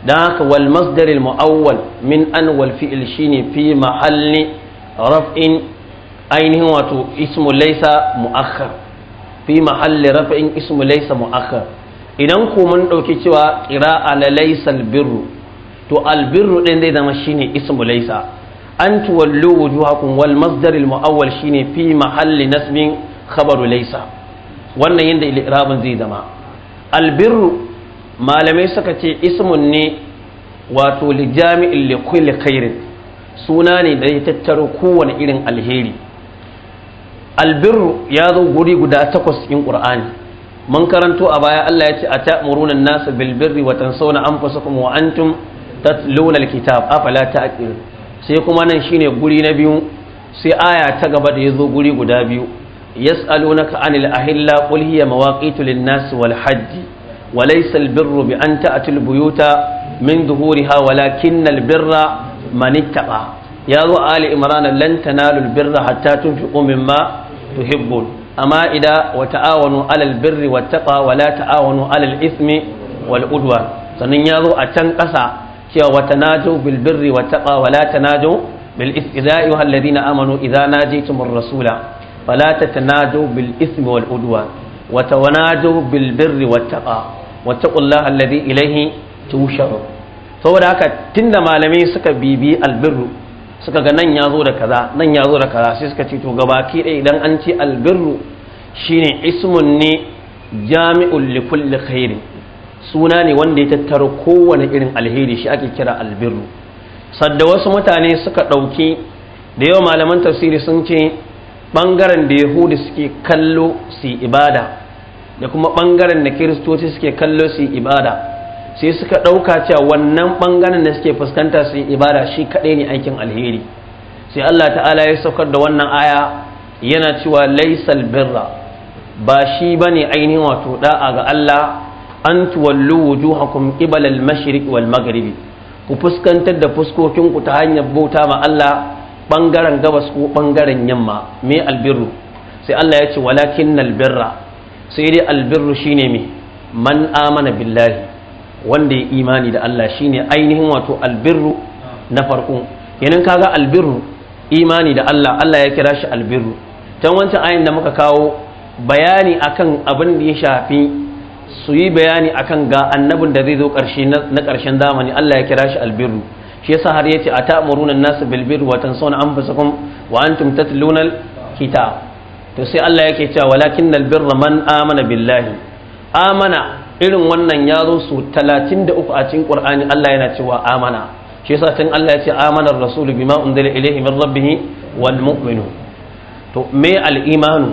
Speaker 2: dan haka wal masdaril mu'awwal min an wal fi'il shine fi mahalli raf'in ainihin wato ismu laysa mu'akhkhar fi mahalli raf'in ismu laysa idan ku mun ɗauki cewa kira la birru to al birru din zai zama shine ismu laysa an tuwallu wujuhakum wal masdaril mu'awwal shine fi mahalli nasbin khabaru laysa wannan yadda al-i'rabin zai zama albirru. malamai suka ce ismun ne wato li jami'in li kulli khairin suna ne da ya tattaro kowane irin alheri albirru ya zo guri guda takwas in qur'ani mun karanto a baya Allah ya ce a an-nasa bil birri wa tansawna anfusakum wa antum tatluna al-kitab afala ta'qilun sai kuma nan shine guri na biyu sai aya ta gaba da ya zo guri guda biyu yas'alunaka anil ahilla qul hiya mawaqitu lin-nas wal hajji وليس البر بأن تأتي البيوت من ظهورها ولكن البر من اتقى يا ذو آل إمران لن تنالوا البر حتى تنفقوا مما تحبون أما إذا وتعاونوا على البر والتقى ولا تعاونوا على الإثم والعدوان sannan ya zo a can ƙasa cewa wata najo bilbirri wa taɓa wala ta najo bil'is idza ayyuhal ladina amanu idza najaytumur rasula fala tatanajo bil ismi wal udwan وتناجوا بالبر والتقى واتقوا الله الذي إليه saboda haka tinda malamai suka bibi albirru suka ga nan ya zo da kaza nan ya zo da kaza sai suka ce to gabaki ɗaya idan an ce albirru shine ismun ne jami'un li kulli khairi suna ne wanda ya tattara kowane irin alheri shi ake kira albirru sadda wasu mutane suka ɗauki da yawa malaman tafsiri sun ce bangaren da yahudi suke kallo su ibada da kuma ɓangaren da kiristoci suke kallo su ibada sai suka ɗauka cewa wannan ɓangaren da suke fuskanta su ibada shi kaɗai ne aikin alheri sai Allah ta'ala ya saukar da wannan aya yana cewa laisal birra ba shi bane ainihin wato ɗa'a ga Allah an tuwallu wujuhakum qibala al-mashriq wal maghribi ku fuskantar da fuskokin ku ta hanyar bauta ma Allah ɓangaren gabas ko ɓangaren yamma me albirru sai Allah ya ce walakinnal birra sai dai albirru shine me man amana billahi wanda ya imani da Allah shine ainihin wato albirru na farko yanin kaga albirru imani da Allah Allah ya kira shi albirru can wancan ayin da muka kawo bayani akan abin da ya shafi su yi bayani akan ga annabin da zai zo karshe na karshen zamani Allah ya kira shi albirru shi yasa har yace a an-nasu bilbiru birri wa tansawna anfusakum wa antum tatluna kitab to sai Allah yake cewa walakin birra man amana billahi amana irin wannan ya zo su 33 a cikin Qur'ani Allah yana cewa amana shi yasa tun Allah ya ce amana ar-rasul bima unzila ilayhi min rabbih wal mu'minu to me al-imanu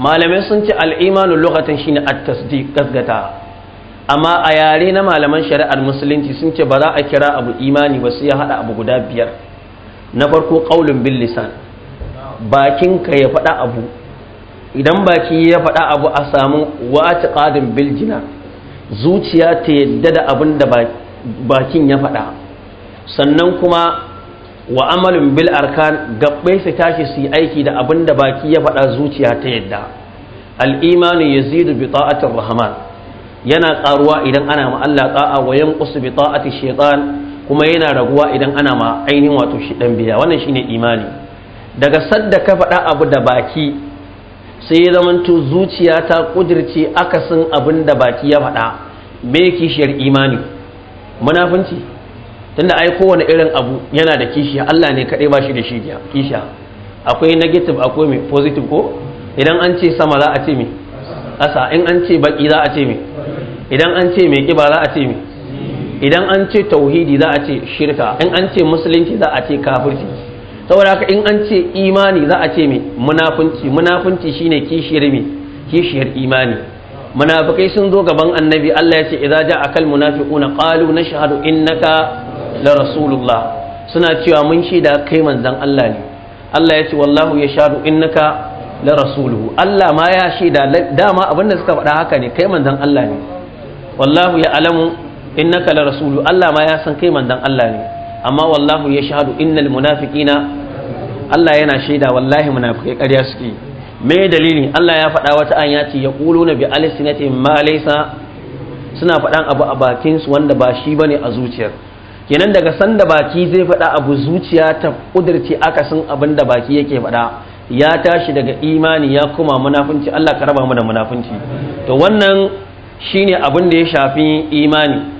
Speaker 2: malamai sun ce al-imanu lugatan shine at-tasdiq gasgata amma a yare na malaman shari'ar musulunci sun ce ba za a kira abu imani ba sai ya hada abu guda biyar na farko qaulun bil lisan bakinka ya faɗa abu idan baki ya faɗa abu a samu wata ƙadin biljina zuciya ta yadda da abin da bakin ya faɗa sannan kuma wa amalin bil arkan gaɓɓe su tashi su yi aiki da abin da baki ya faɗa zuciya ta yadda al'imanin ya zidu bi ta'atin rahman yana ƙaruwa idan ana ma Allah ta'a wa ƙusu bi ta'ati kuma yana raguwa idan ana ma ainihin wato shi ɗan biya wannan shine imani daga sadda ka faɗa abu da baki sai ya zamanto zuciya ta kudirce akasin abin da baki ya faɗa me kishiyar imani munafunci tunda ai kowane irin abu yana da kishiya Allah ne kaɗai ba shi da shi kishiya akwai negative akwai me positive ko idan an ce sama za a ce me ƙasa in an ce baki za a ce me idan an ce me kiba za a ce me idan an ce tauhidi za a ce shirka in an ce musulunci za a ce kafirci saboda haka in an ce imani za a ce mai munafunci munafunci shine kishiyar mai kishiyar imani munafikai sun zo gaban annabi Allah ya ce idza ja'a kal munafiquna qalu nashhadu innaka la rasulullah suna cewa mun shaida kai manzon Allah ne Allah ya ce wallahu yashhadu innaka la rasuluhu Allah ma ya shaida dama abinda suka faɗa haka ne kai manzon Allah ne wallahu ya alamu innaka la rasulu Allah ma ya san kai manzon Allah ne amma wallahu ya shahadu innal munafikina. Allah yana shaida wallahi munafiqai ƙarya suke me dalili Allah ya faɗa wata an ya ce na bi alsinati ma laysa suna faɗan abu a bakinsu wanda ba shi bane a zuciyar kenan daga sanda baki zai faɗa abu zuciya ta aka akasin abin da baki yake faɗa ya tashi daga imani ya kuma munafunci Allah ka raba mu da munafunci to wannan shine abin da ya shafi imani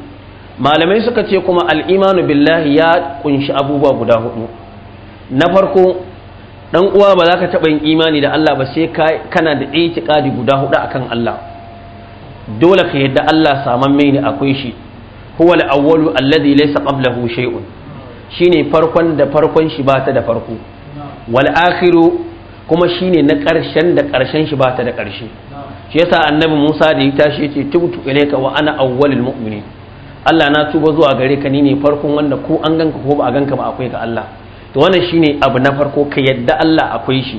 Speaker 2: malamai suka ce kuma al'imanu billahi ya kunshi abubuwa guda hudu na farko dan uwa ba za ka taɓa yin imani da Allah ba sai kana da itiqadi guda hudu akan Allah dole ka yadda Allah saman mai ne akwai shi huwa al-awwalu alladhi laysa qablahu shay'un shine farkon da farkon shi bata da farko
Speaker 4: wal akhiru
Speaker 2: kuma shine na ƙarshen da ƙarshen shi bata da ƙarshe shi yasa annabi Musa da ya tashi yace tubtu ilayka wa ana awwalul mu'minin Allah na tuba zuwa gare ka ni ne farkon wanda ko an ganka ko ba a ganka ba akwai ga Allah to wannan shine abu na farko ka yadda Allah akwai shi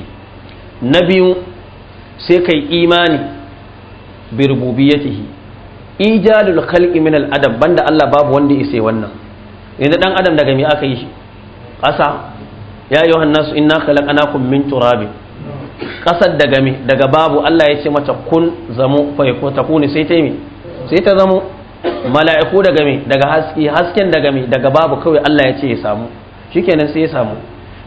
Speaker 2: na biyu sai kai imani bi rububiyatihi ijadul khalqi min al adam banda Allah babu wanda ya sai wannan yanzu dan adam daga me aka yi shi ƙasa ya yi na inna khalaqnakum min turabin ƙasar daga me daga babu Allah ya ce mata kun zamu fa yakun sai ta yi sai ta zamo mala'iku daga mai, daga haske hasken daga mai daga babu kawai Allah ya ce ya samu kenan sai ya samu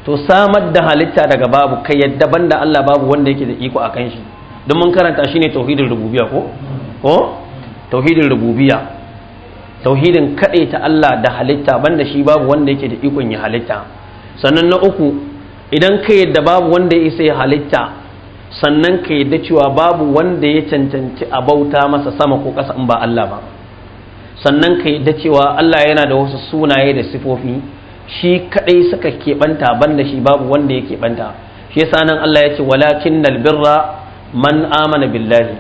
Speaker 2: to samar da halitta daga babu kai yadda ban da Allah babu wanda yake da iko a kan shi don mun karanta ne tauhidin Rububiya ko ko tauhidin Rububiya. tauhidin ta Allah da halitta ban da shi babu wanda yake da ikon ya halitta sannan na uku idan ka yadda babu wanda ya isa ya halitta sannan ka yadda cewa babu wanda ya cancanci a bauta masa sama ko ƙasa in ba Allah ba sannan ka yadda cewa Allah yana da wasu sunaye da sifofi shi kadai suka keɓanta banda shi babu wanda ya keɓanta shi yasa nan Allah ya ce walakin albirra man amana billahi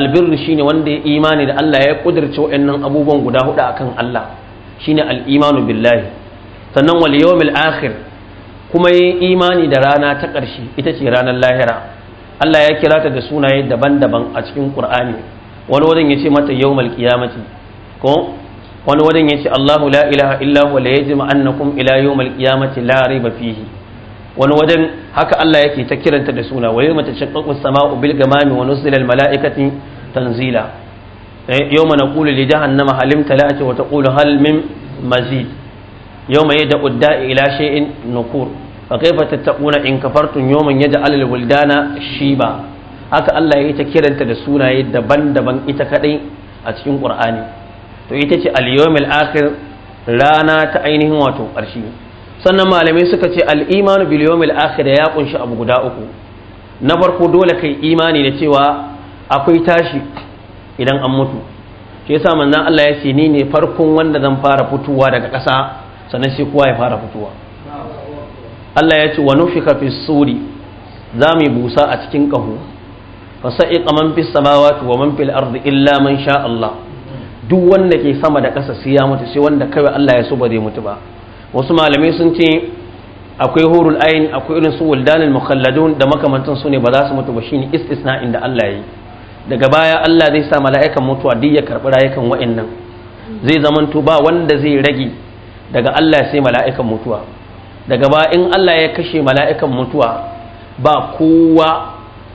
Speaker 2: albirru shine wanda ya imani da Allah ya kudirce nan abubuwan guda hudu akan Allah shine al-imanu billahi sannan wal yawmil akhir kuma yi imani da rana ta ƙarshe ita ce ranar lahira Allah ya kira ta da sunaye daban-daban a cikin Qur'ani wani wajen ya ce mata yawmal qiyamati ko wani wajen ya ce Allahu la ilaha illa huwa la yajma annakum ila yawmal qiyamati la raiba fihi wani wajen haka Allah yake ta kiranta da suna wa yawma tashaqqaqu as-sama'u bil ghamami wa nuzila al mala'ikati tanzila eh, yawma naqulu li jahannama halim tala'ati wa taqulu hal min mazid yawma yad'u ad-da'i ila shay'in nukur fa kayfa tattaquna in kafartum yawman yaj'al al-wildana shiba haka Allah yi ta kiranta da sunaye daban-daban ita kadai a cikin Qur'ani to ita ce al-yawmil akhir rana ta ainihin wato ƙarshe sannan malamai suka ce al-imanu bil yawmil akhir ya kunshi abu guda uku na farko dole kai imani da cewa akwai tashi idan an mutu shi yasa manzon Allah ya ce ni ne farkon wanda zan fara fitowa daga ƙasa sannan shi kowa ya fara fitowa Allah ya ce wa nufika fi suri za mu busa a cikin ƙaho fa sa'iqa man fis samawati wa man fil ardi illa man sha Allah duk wanda ke sama da ƙasa sai ya mutu sai wanda kawai Allah ya so ba zai mutu ba wasu malamai sun ce akwai hurul ayin akwai irin su wuldanin mukhalladun da makamantan su ne ba za su mutu ba shine istisna inda Allah ya yi daga baya Allah zai sa mala'ikan mutuwa duk ya karbi rayukan wa'annan zai zamanto ba wanda zai rage daga Allah sai mala'ikan mutuwa daga baya in Allah ya kashe mala'ikan mutuwa ba kowa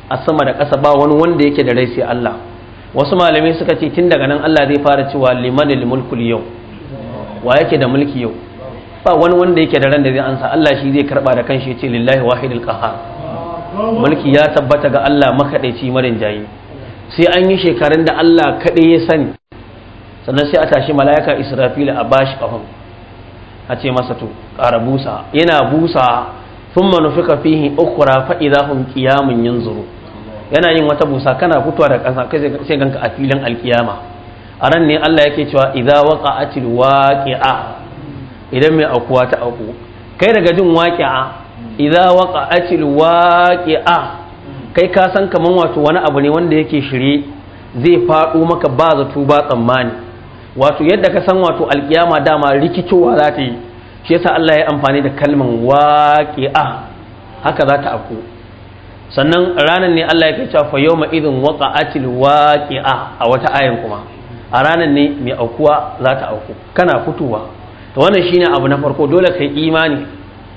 Speaker 2: a sama da ƙasa ba wani wanda yake da rai sai Allah wasu malami suka ce tun daga nan Allah zai fara cewa limanil mulkul yau
Speaker 4: wa yake da mulki
Speaker 2: yau ba wani wanda yake da ran da zai ansa Allah shi zai karba da kanshi ce lillahi wahidul qahar mulki ya tabbata ga Allah makadaici marin jayi sai an yi shekarun da Allah kadai ya sani sannan sai a tashi malaika Israfil a bashi kafan a ce masa to ƙara busa yana busa thumma nufika fihi ukhra fa idahum qiyamun yanzuru yana yin wata busa kana fitowa da ƙasa kai sai ganka a filin alkiyama a ran ne Allah yake cewa idza waqa'atil waqi'a idan mai akuwa ta auku kai daga jin waqi'a idza waqa'atil waqi'a kai ka san kaman wato wani abu ne wanda yake shirye zai faɗo maka ba zato ba tsammani wato yadda ka san wato alkiyama dama rikicowa za ta yi shi yasa Allah ya amfani da kalman waqi'a haka za ta auku sannan ranar ne Allah ya kai cewa yawma idin waqa'atil waqi'a a wata ayan kuma a ranar ne mai aukuwa za ta auku kana fitowa to wannan shine abu na farko dole kai imani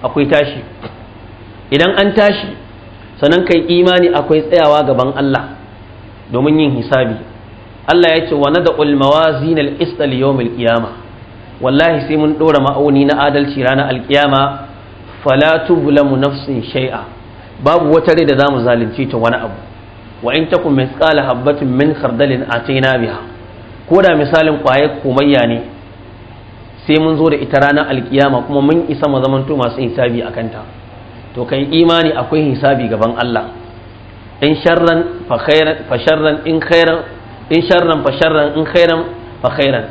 Speaker 2: akwai tashi idan an tashi sannan kai imani akwai tsayawa gaban Allah domin yin hisabi Allah ya ce wa nad'ul mawazin al-qist yawm qiyamah wallahi sai mun dora ma'auni na adalci ranar al-qiyama fala tublamu nafsin shay'a babu wata rai da zamu zalunci ta wani abu wa in takum misqala habatin min khardalin atina biha ko da misalin kwaye komayya ne sai mun zo da ita ranar alkiyama kuma mun isa mu zamanto masu hisabi a kanta to kai imani akwai hisabi gaban Allah in sharran fa khairan fa sharran in khairan in sharran fa sharran in khairan fa khairan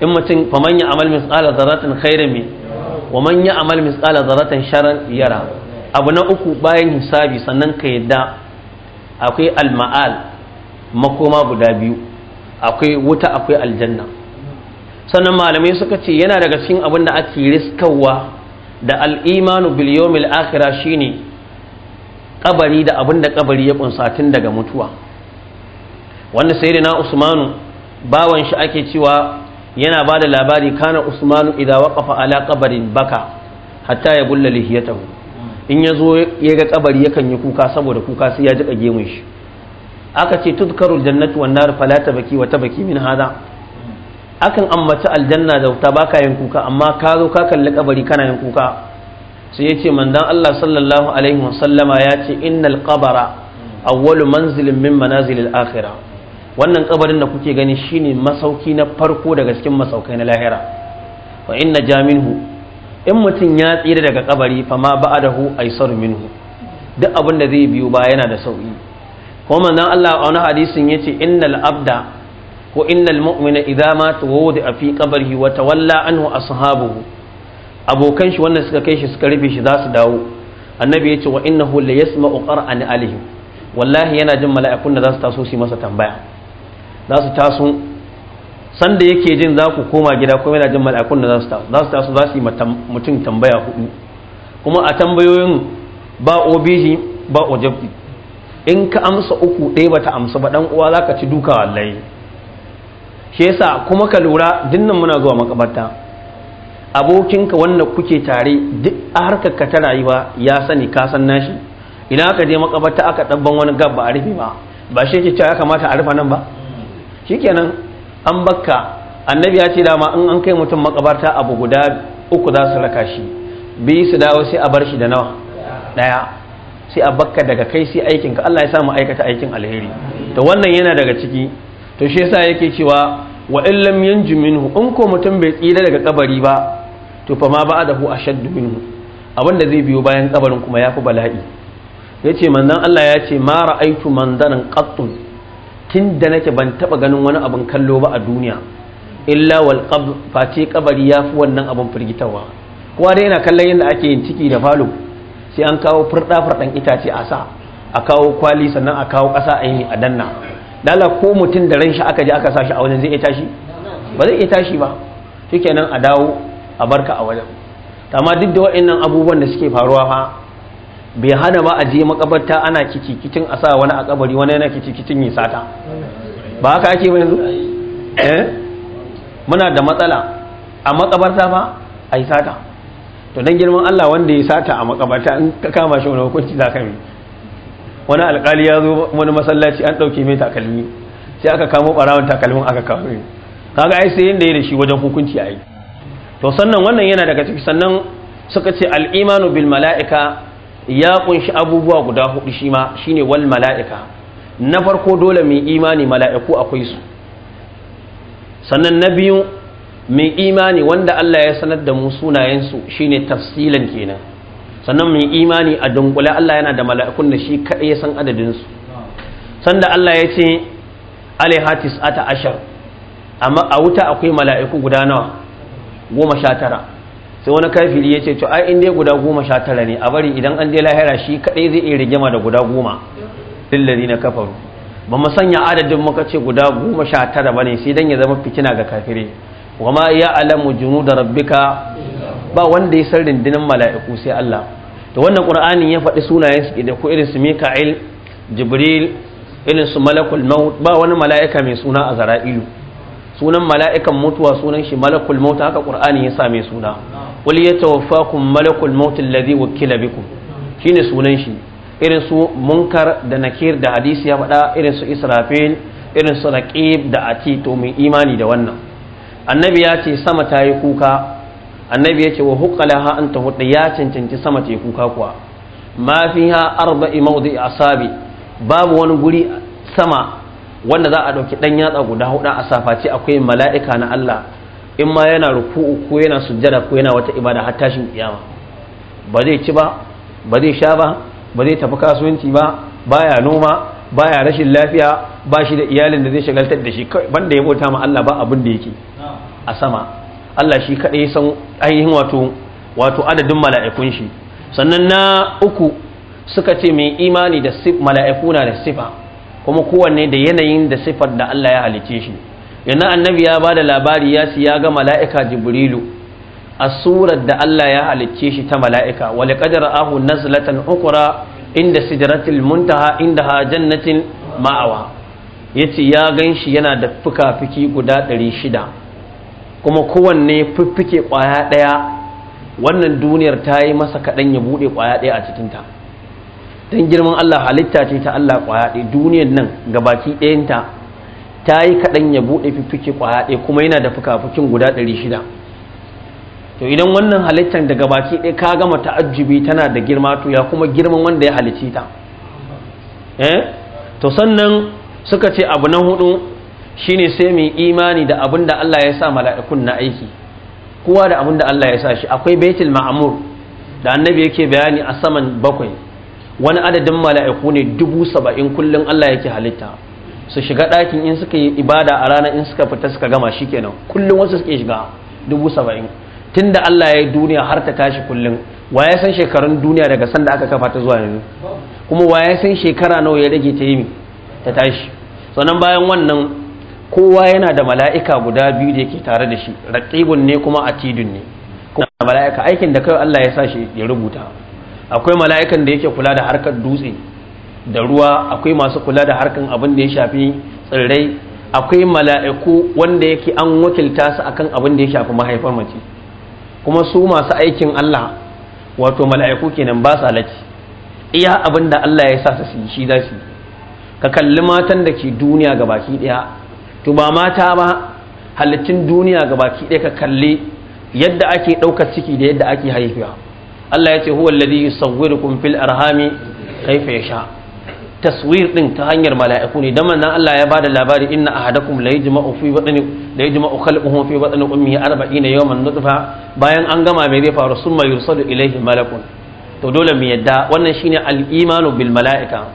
Speaker 2: in mutum fa manya ya amal misqala dharratin khairin min wa man ya amal misqala dharratin sharran yara abu na uku bayan hisabi sannan ka yadda akwai alma'al makoma guda biyu akwai wuta akwai aljanna sannan malamai suka ce yana daga cikin abin da ake riskawa da al'imanu biliyomil akira shine kabari da abin da kabari ya kunsa tun daga mutuwa wanda sai da na usmanu bawan shi ake cewa yana ba da labari kana usmanu idan waƙafa ala kabarin baka hatta ya bulla lihiyatahu in ya zo ya ga kabari yakan yi kuka saboda kuka sai ya jika gemun shi aka ce tudkarul jannatu wan nar fala tabaki wa tabaki min hada akan ambaci aljanna da wuta baka yin kuka amma ka zo ka kalli kabari kana yin kuka sai ya ce manzon Allah sallallahu alaihi wasallama ya ce innal qabara awwalu manzilin min manazilil akhirah wannan kabarin da kuke gani shine masauki na farko daga cikin masaukai na lahira wa inna jaminhu in mutum ya tsira daga kabari fa ma ba'adahu aisar minhu duk abin da zai biyo ba yana da sauki ko manzon Allah a wani hadisin yace innal abda ko innal mu'mina idza mata wudi fi qabrihi wa tawalla anhu ashabuhu abokan shi wanda suka kai shi suka rufe shi za su dawo annabi yace wa innahu la yasma'u qur'an alihi wallahi yana jin mala'ikun da za su taso su masa tambaya za su taso sanda yake jin za ku koma gida kuma yana jin mala'ikun da za su za su taso za su yi mutum tambaya hudu kuma a tambayoyin ba obihi ba ojabti in ka amsa uku ɗaya bata amsa ba ɗan uwa za ka ci duka wallahi shi yasa kuma ka lura dinnan muna zuwa makabarta abokinka wanda kuke tare duk a harkar ka ta rayuwa ya sani ka san nashi idan aka je makabarta aka ɗabban wani gab ba a rufe ba ba shi ke cewa ya kamata a rufe nan ba kenan. an bakka annabi ya ce dama in an kai mutum makabarta abu guda uku za su raka shi biyu su dawo sai a bar shi da nawa daya sai a bakka daga kai sai aikin ka Allah ya samu aikata aikin alheri to wannan yana daga ciki to shi yasa yake cewa wa in yanju minhu in ko mutum bai tsira daga kabari ba to fa ma ba'adahu ashaddu minhu abinda zai biyo bayan kabarin kuma yafi bala'i yace manzon Allah yace ce ma ra'aitu manzanan qattun tun da nake ban taba ganin wani abin kallo ba a duniya illa wal face kabari ya fi wannan abin firgitarwa kowa dai yana kallon yadda ake yin ciki da falo sai an kawo furda-furdan itace a sa a kawo kwali sannan a kawo kasa a yi a danna lala ko mutum da ran shi aka je aka sa shi a wajen zai iya tashi ba zai tashi ba shikenan a dawo a barka a wajen amma duk da waɗannan abubuwan da suke faruwa fa bai hana ba a je makabarta ana kici kicin a sa wani a kabari wani yana kici kicin yi sata ba haka ake ba yanzu eh muna da matsala a makabarta ba a yi sata to dan girman Allah wanda ya sata a makabarta in ka kama shi wani hukunci za ka yi wani alkali ya zo wani masallaci an dauke mai takalmi sai aka kamo barawan takalmin aka kawo kaga ai sai yanda ya da shi wajen hukunci ai to sannan wannan yana daga ciki sannan suka ce al-imanu bil mala'ika ya kunshi abubuwa guda hudu shi ma shine wal mala'ika na farko dole mai imani mala'iku akwai su sannan na biyu mai imani wanda Allah ya sanar da mu sunayensu shine tafsilan kenan sannan mai imani a dunkule Allah yana da mala'ikun da shi kaɗai ya san adadinsu sanda Allah ya ce alihatis ata ashar a wuta akwai mala'iku guda nawa goma sha tara sai wani kafiri ya ce to ai inda guda goma sha tara ne a bari idan an je lahira shi kadai zai iya rigima da guda goma lillazi na kafaru ba mu sanya adadin muka ce guda goma sha tara ba ne sai dan ya zama fitina ga kafire wa ma ya alamu junu da rabbika ba wanda ya san rindinin mala'iku sai Allah to wannan qur'ani ya faɗi sunayen su da ko irin su mika'il jibril irin su malakul maut ba wani mala'ika mai suna a zara'ilu sunan mala'ikan mutuwa sunan shi malakul haka qur'ani ya same suna qul yatawaffakum malakul maut wakila biku Shi ne sunan shi irin su munkar da nakir da hadisi ya faɗa irin su israfil irin su raqib da ati to mai imani da wannan annabi ya ce sama ta yi kuka annabi ya ce wa an ta hudu ya cancanci sama ta yi kuka kuwa ma fiha arba'i mawdi asabi babu wani guri sama wanda za a ɗauki ɗan yatsa guda hudu a safaci akwai mala'ika na Allah in ma yana ruku'u ko yana sujjada ko yana wata ibada har tashin kiyama ba zai ci ba ba zai sha ba ba zai tafi kasuwanci ba baya noma baya rashin lafiya ba shi da iyalin da zai shagaltar da shi banda ya bauta ma Allah ba abin da yake a sama Allah shi kaɗai san ainihin wato wato adadin mala'ikun shi sannan na uku suka ce mai imani da sif mala'ikuna da sifa kuma kowanne da yanayin da siffar da Allah ya halice shi yana annabi ya ba da labari ya siya ga mala'ika jibrilu a surar da Allah ya halicce shi ta mala'ika wale ƙadar ahu na nazlatan ukura inda sidratul muntaha inda ha jannatin ma'awa ya ce ya gan shi yana da fuka-fiki guda ɗari shida kuma kowanne fiffike ƙwaya ɗaya wannan duniyar ta yi masa kaɗan ya buɗe ƙwaya ɗaya a cikinta don girman Allah halitta ce ta Allah kwaya ɗaya duniyar nan gabaki ɗayanta ta yi kaɗan ya buɗe fiffike kwaya ɗaya kuma yana da fukafukin guda ɗari shida to idan wannan halittar da gabaki ɗaya ka gama ta'ajjubi tana da girma to ya kuma girman wanda ya halicci ta eh? to sannan suka ce abu na hudu shine sai mu imani da abin da Allah ya sa mala'ikun na aiki kowa da abin da Allah ya sa shi akwai baitul ma'amur da annabi yake bayani a saman bakwai wani adadin mala'iku ne dubu saba'in kullum Allah yake halitta su shiga ɗakin in suka yi ibada a ranar in suka fita suka gama shi kenan kullum wasu suke shiga dubu saba'in tun da Allah ya yi duniya har ta tashi kullum wa ya san shekarun duniya daga sanda aka kafa ta zuwa yanzu kuma wa ya san shekara nawa ya rage ta yi ta tashi sannan bayan wannan kowa yana da mala'ika guda biyu da yake tare da shi raƙibun ne kuma atidun ne kuma mala'ika aikin da kai Allah ya sa shi ya rubuta akwai mala'ikan da yake kula da harkar dutse da ruwa akwai masu kula da harkar abin da ya shafi tsirrai akwai mala'iku wanda yake an wakilta su akan abin da ya shafi mahaifar mace kuma su masu aikin Allah wato mala'iku kenan ba sa laci iya abin da Allah ya sa su shi za su ka kalli matan da ke duniya ga baki ɗaya to ba mata ba halittun duniya ga baki ɗaya ka kalli yadda ake ɗaukar ciki da yadda ake haifiwa. Allah ya ce huwa alladhi yusawwirukum fil arhami kaifa yasha taswir din ta hanyar mala'iku ne dan nan Allah ya bada labari inna ahadakum la yajma'u fi batni la yajma'u khalquhu fi batni ummihi 40 yawman nutfa bayan an gama mai zai faru summa yursalu ilayhi malakun to dole mu yadda wannan shine al-imanu bil mala'ika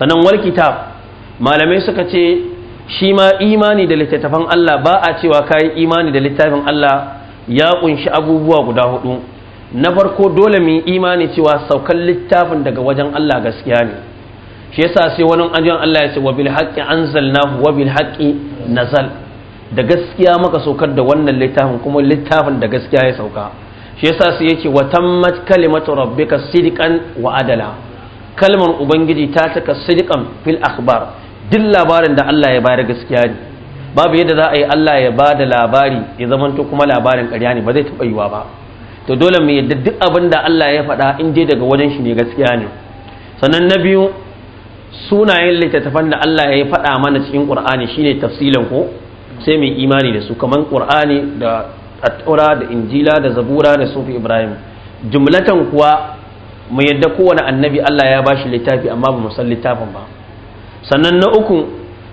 Speaker 2: sanan wal kitab malamai suka ce shi ma imani da littattafan Allah ba a cewa kayi imani da littafin Allah ya kunshi abubuwa guda hudu na farko dole mu yi imani cewa saukan littafin daga wajen Allah gaskiya ne shi yasa sai wani ajin Allah ya ce wa bil haqqi anzalna wa bil haqqi nazal da gaskiya muka saukar da wannan littafin kuma littafin da gaskiya ya sauka shi yasa sai yake wa tammat kalimatu rabbika sidqan wa adala kalmar ubangiji ta taka sidqan fil akhbar duk labarin da Allah ya bayar gaskiya ne babu yadda za a yi Allah ya ba da labari ya zamanto kuma labarin ƙarya ne ba zai taɓa yiwa ba to dole mu yadda duk abin da Allah ya faɗa in je daga wajen shi ne gaskiya ne sannan na biyu sunayen littattafan da Allah ya faɗa mana cikin Qur'ani shine tafsilan ko sai mu imani da su Kamar Qur'ani da Attaura da Injila da Zabura da Sufi Ibrahim jumlatan kuwa mu yadda kowane annabi Allah ya bashi littafi amma ba mu san littafin ba sannan na uku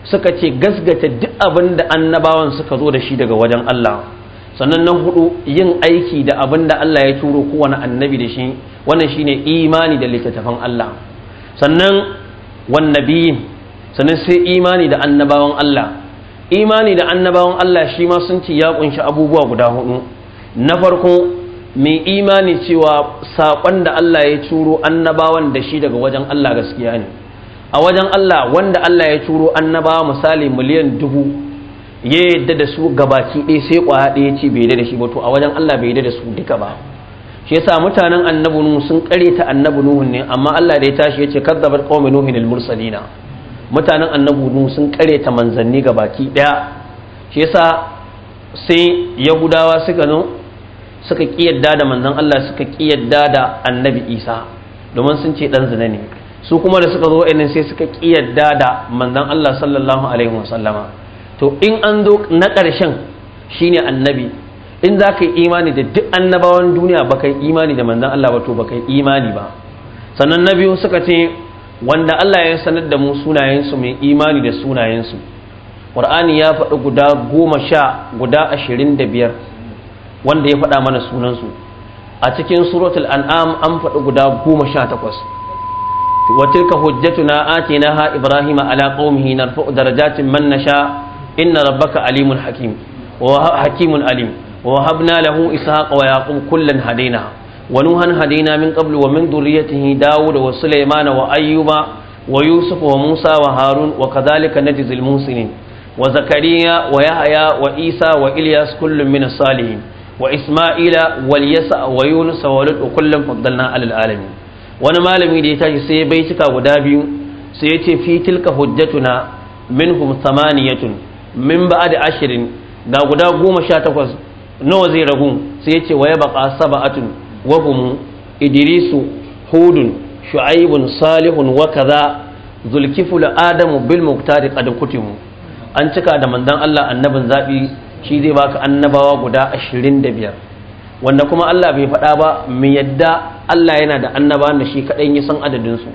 Speaker 2: suka ce gasgata duk abin da annabawan suka zo da shi daga wajen Allah sannan nan hudu yin aiki da abin da Allah ya turo kowane annabi da shi wannan shine imani da littattafan Allah sannan wan sannan sai imani da annabawan Allah imani da annabawan Allah shi ma sun ci ya kunshi abubuwa guda hudu na farko mai imani cewa saƙon da Allah ya turo annabawan da shi daga wajen Allah gaskiya ne a wajen Allah wanda Allah ya turo annabawa misali miliyan dubu ya yadda da su gabaki ɗaya sai ƙwaya ɗaya ce bai yadda da shi ba to a wajen Allah bai yadda da su duka ba shi yasa mutanen annabi nuhu sun ta annabi nuhu ne amma Allah da ya tashi ya ce kadzabat qaumi nuhin al mursalina mutanen annabi nuhu sun ta manzanni gabaki ɗaya shi yasa sai yahudawa suka no suka yadda da manzon Allah suka yadda da annabi Isa domin sun ce dan zina ne su kuma da suka zo wa'annan sai suka yadda da manzon Allah sallallahu alaihi wasallama to in an zo na ƙarshen ne annabi in za ka yi imani da duk annabawan duniya ba ka yi imani da manzan Allah ba to ba imani ba sannan na biyu suka ce wanda Allah ya sanar da mu sunayensu mai imani da sunayensu ƙur'ani ya faɗi guda goma sha guda ashirin da biyar wanda ya faɗa mana sunansu a cikin suratul an'am an faɗi guda goma sha takwas wa tilka hujjatuna ha Ibrahim ala qaumihi narfa'u darajatin man nasha' inna rabbaka alimun hakim wa hakimun alim wa habna lahu ishaqa wa yaqub kullan hadaina wa nuhan hadaina min qablu wa min dhurriyyatihi daud wa sulaymana wa ayyuba wa yusuf wa musa wa harun wa kadhalika najzil musinin wa zakariya wa yahya wa isa wa ilyas kullun min salihin wa isma'ila wal yasa wa yunus wa lut kullun faddalna alal alamin wani malami da ya tashi sai ya baituka guda biyu sai ya ce fi tilka hujjatuna minhum thamaniyatun min ba da ashirin ga guda goma sha takwas nawa zai ragu sai ya ce wa ya baka saba'atun wa hum idrisu hudun shu'aibun salihun wa kaza zulkiful adamu bil muqtari qad kutimu an cika da mandan Allah annabin zaɓi shi zai baka annabawa guda ashirin da biyar wanda kuma Allah bai faɗa ba mu yadda Allah yana da annaba da shi kaɗan yi san adadinsu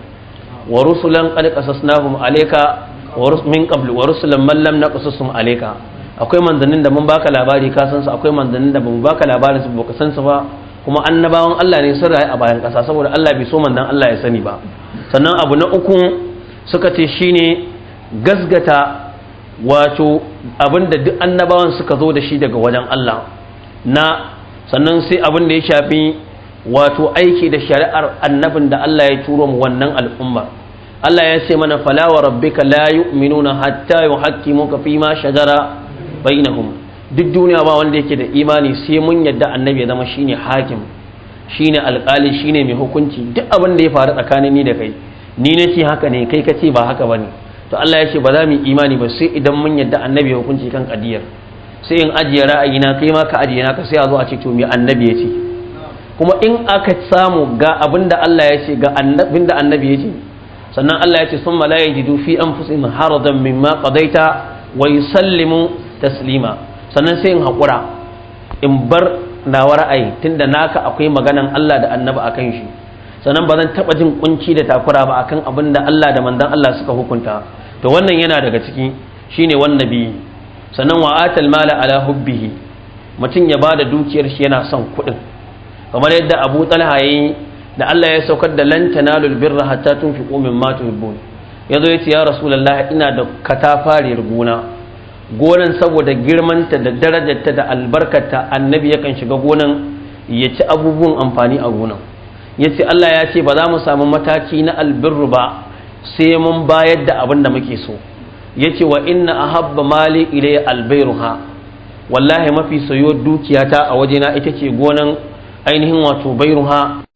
Speaker 2: wa rusulan qad qasasnahum alayka min qablu wa rusulan man lam naqsusum alayka akwai manzannin da mun baka labari ka san su akwai manzannin da mun baka labari su baka san su ba kuma annabawan Allah ne sun rayu a bayan kasa saboda Allah bai so manzan Allah ya sani ba sannan abu na uku suka ce shine gasgata wato abinda duk annabawan suka zo da shi daga wajen Allah na sannan sai abin da ya shafi wato aiki da shari'ar annabin da Allah ya turo mu wannan al'ummar Allah ya ce mana falawa rabbi rabbika la yu'minuna hatta yuhaqqimuka fi ma shajara bainahum duk duniya ba wanda yake da imani sai mun yadda annabi ya zama shine hakim shine alƙali shine mai hukunci duk abin da ya faru tsakanin ni da kai ni na ce haka ne kai ka ce ba haka bane to Allah ya ce ba za mu imani ba sai idan mun yadda annabi ya hukunci kan kadiyar sai in ajiye ra'ayi na kai ma ka ajiye naka sai a zo a ce to me annabi ya ce kuma in aka samu ga abin da Allah ya ce ga abin da annabi ya ce sannan Allah ya ce sun malayin jidu fi anfusihim haradan mimma qadaita wa yusallimu taslima sannan sai in haƙura in bar nawa ra'ayi tunda naka akwai maganan Allah da annaba a kan shi sannan ba zan taɓa jin kunci da takura ba akan abin da Allah da mandan Allah suka hukunta to wannan yana daga ciki shine bi sannan wa atal mala ala hubbihi mutum ya bada dukiyar shi yana son kuɗin kamar yadda Abu Talha yayi da Allah ya saukar da lan tanalul birra hatta tunfiqu mimma tuhibbun yazo yace ya rasulullahi ina da katafariyar gona gonan saboda girman ta da darajarta da albarkarta annabi yakan shiga gonan ya ci abubuwan amfani a gonan yace Allah ya ce ba za mu samu mataki na albirru ba sai mun bayar da abin da muke so yace wa inna ahabba mali ilay albairuha wallahi mafi soyuwar dukiyata a wajena ita ce gonan ainihin wato bairuha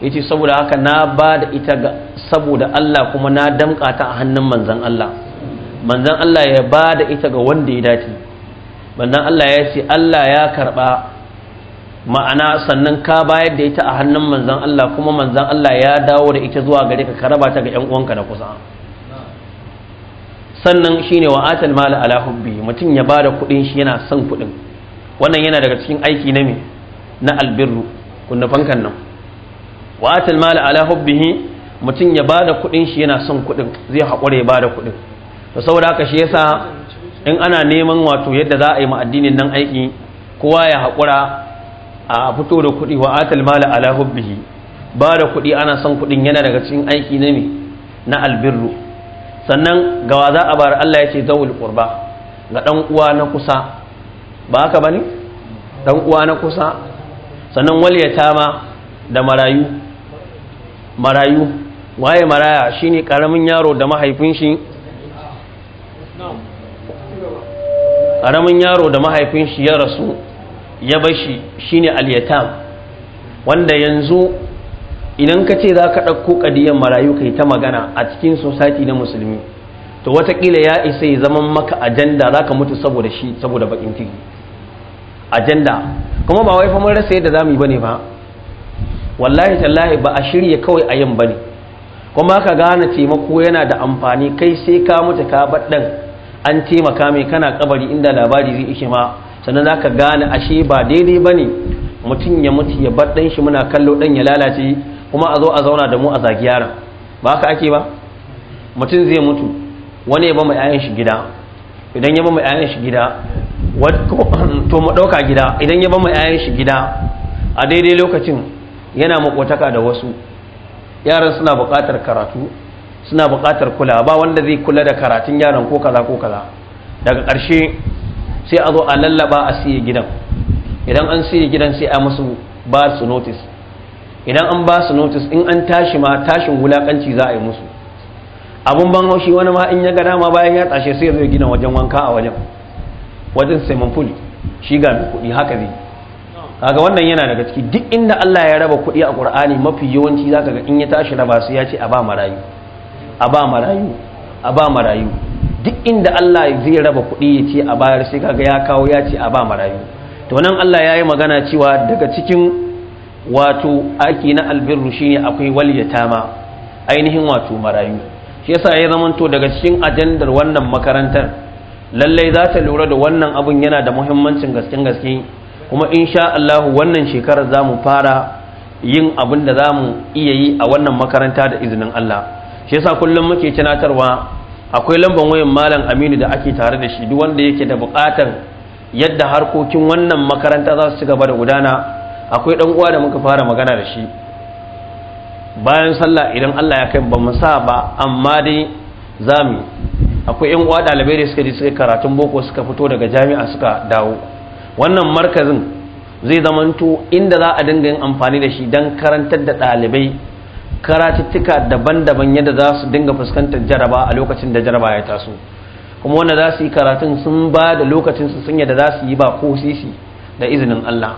Speaker 2: yace saboda haka na ba da ita ga saboda Allah kuma na damƙa ta a hannun manzan Allah manzan Allah ya ba da ita ga wanda ya dace manzan Allah ya ce Allah ya karɓa ma'ana sannan ka bayar da ita a hannun manzan Allah kuma manzan Allah ya dawo da ita zuwa gare ka ka raba ta ga ƴan uwanka da kusa sannan shine wa atal mal ala hubbi mutum ya bada kuɗin shi yana son kuɗin wannan yana daga cikin aiki na me na albirru kunna fankan nan wa atal mal ala hubbihi mutum ya bada kuɗin shi yana son kuɗin zai hakure ya bada kuɗin to saboda haka shi yasa in ana neman wato yadda za a yi ma addinin nan aiki kowa ya hakura a fito da kuɗi wa atal mal ala hubbihi bada kuɗi ana son kuɗin yana daga cikin aiki na me na albirru sannan wa za a bar Allah ya ce zawul qurba ga dan uwa na kusa ba haka bane dan uwa na kusa sannan wal yatama da marayu marayu waye maraya shine karamin yaro da mahaifin shi karamin yaro da mahaifin shi ya rasu ya bashi shine al-yatam wanda yanzu idan ka ce za ka ɗauko ƙadiyar marayu kai ta magana a cikin society na musulmi to watakila ya isa ya zaman maka ajanda za ka mutu saboda shi saboda bakin ciki ajanda kuma ba wai fa mun rasa yadda za yi ba ne ba wallahi tallahi ba a shirya kawai a yin bane kuma ka gane taimako yana da amfani kai sai ka mutu ka baɗin an taimaka mai kana kabari inda labari zai ishe ma sannan za ka gane ashe ba daidai ba ne mutum ya mutu ya baɗin shi muna kallo ɗan ya lalace kuma a zo a zauna da mu a zagi yara ba haka ake ba mutum zai mutu wani ya ba mai ayan shi gida idan ya ba mai ayan shi gida to mu ɗauka gida idan ya ba mai ayan shi gida a daidai lokacin yana makotaka da wasu yaran suna buƙatar karatu suna buƙatar kula ba wanda zai kula da karatun yaran ko kaza ko kaza daga ƙarshe sai a zo a lallaba a siye gidan idan an siye gidan sai a musu ba su notice idan an ba su notice in an tashi ma tashin wulakanci za a yi musu abun ban haushi wani ma in ya ga dama bayan ya tashe sai ya zo gina wajen wanka a wajen wajen sai shi ga mai kuɗi haka zai kaga wannan yana daga ciki duk inda Allah ya raba kuɗi a Qur'ani mafi yawanci zaka ga in ya tashi raba su ya ce a ba marayu a ba marayu a ba marayu duk inda Allah zai raba kuɗi ya ce a bayar sai kaga ya kawo ya ce a ba marayu to nan Allah ya yi magana cewa daga cikin wato aiki na albirru shine akwai wal ainihin wato marayu shi yasa ya zamanto daga cikin ajandar wannan makarantar lallai za ta lura da wannan abun yana da muhimmancin gaske gaske kuma insha Allah wannan shekarar za mu fara yin abin da za mu iya yi a wannan makaranta da izinin Allah shi yasa kullum muke tunatarwa akwai lambar wayan malam Aminu da ake tare da shi duk wanda yake da bukatan yadda harkokin wannan makaranta za su ci gaba da gudana akwai dan uwa da muka fara magana da shi bayan sallah idan Allah ya kai ba mu sa ba amma dai zamu akwai yan uwa dalibai da suka je suka karatun boko suka fito daga jami'a suka dawo wannan markazin zai zamanto inda za a dinga yin amfani da shi don karantar da ɗalibai karatuttuka daban-daban yadda za su dinga fuskantar jaraba a lokacin da jaraba ya taso kuma wanda za su yi karatun sun ba da lokacin su sun yadda za su yi ba ko sisi da izinin Allah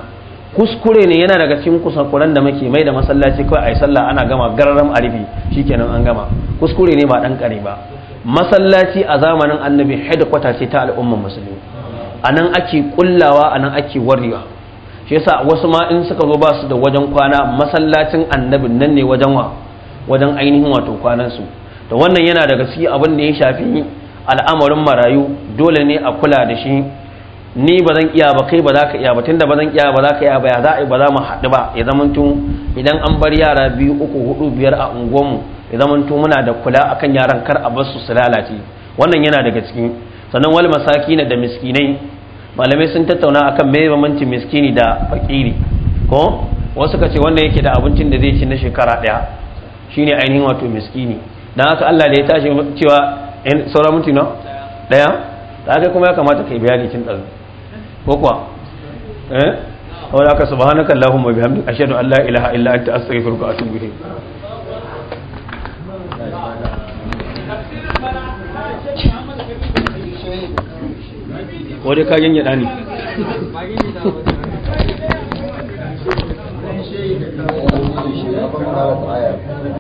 Speaker 2: kuskure ne yana daga cikin kusakuran da muke mai da masallaci kawai a yi sallah ana gama gararam a rufe shikenan an gama kuskure ne ba dan kare ba masallaci a zamanin annabi headquarter ce ta al'ummar musulmi a nan ake kullawa a nan ake warewa shi yasa wasu ma in suka zo ba su da wajen kwana masallacin annabin nan ne wajen wa wajen ainihin wato kwanansu da wannan yana daga cikin abin da ya shafi al'amarin marayu dole ne a kula da shi ni ba zan iya ba kai ba za ka iya ba tunda ba zan iya ba za ka iya ba ya za a ba za mu haɗu ba ya zamantu idan an bar yara biyu uku hudu biyar a unguwanmu ya zamantu muna da kula akan yaran kar a bar su su lalace wannan yana daga cikin sannan wal masakina da miskinai malamai sun tattauna akan me bambancin miskini da fakiri ko wasu kace wanda yake da abincin da zai ci na shekara daya shine ainihin wato miskini dan haka Allah da ya tashi cewa in saura na daya da haka kuma ya kamata kai bayani cin dan ko kuwa eh wala ka subhanaka allahumma bihamdika ashhadu an la ilaha illa anta astaghfiruka wa atubu ilayk wadda ka yin yada
Speaker 4: ne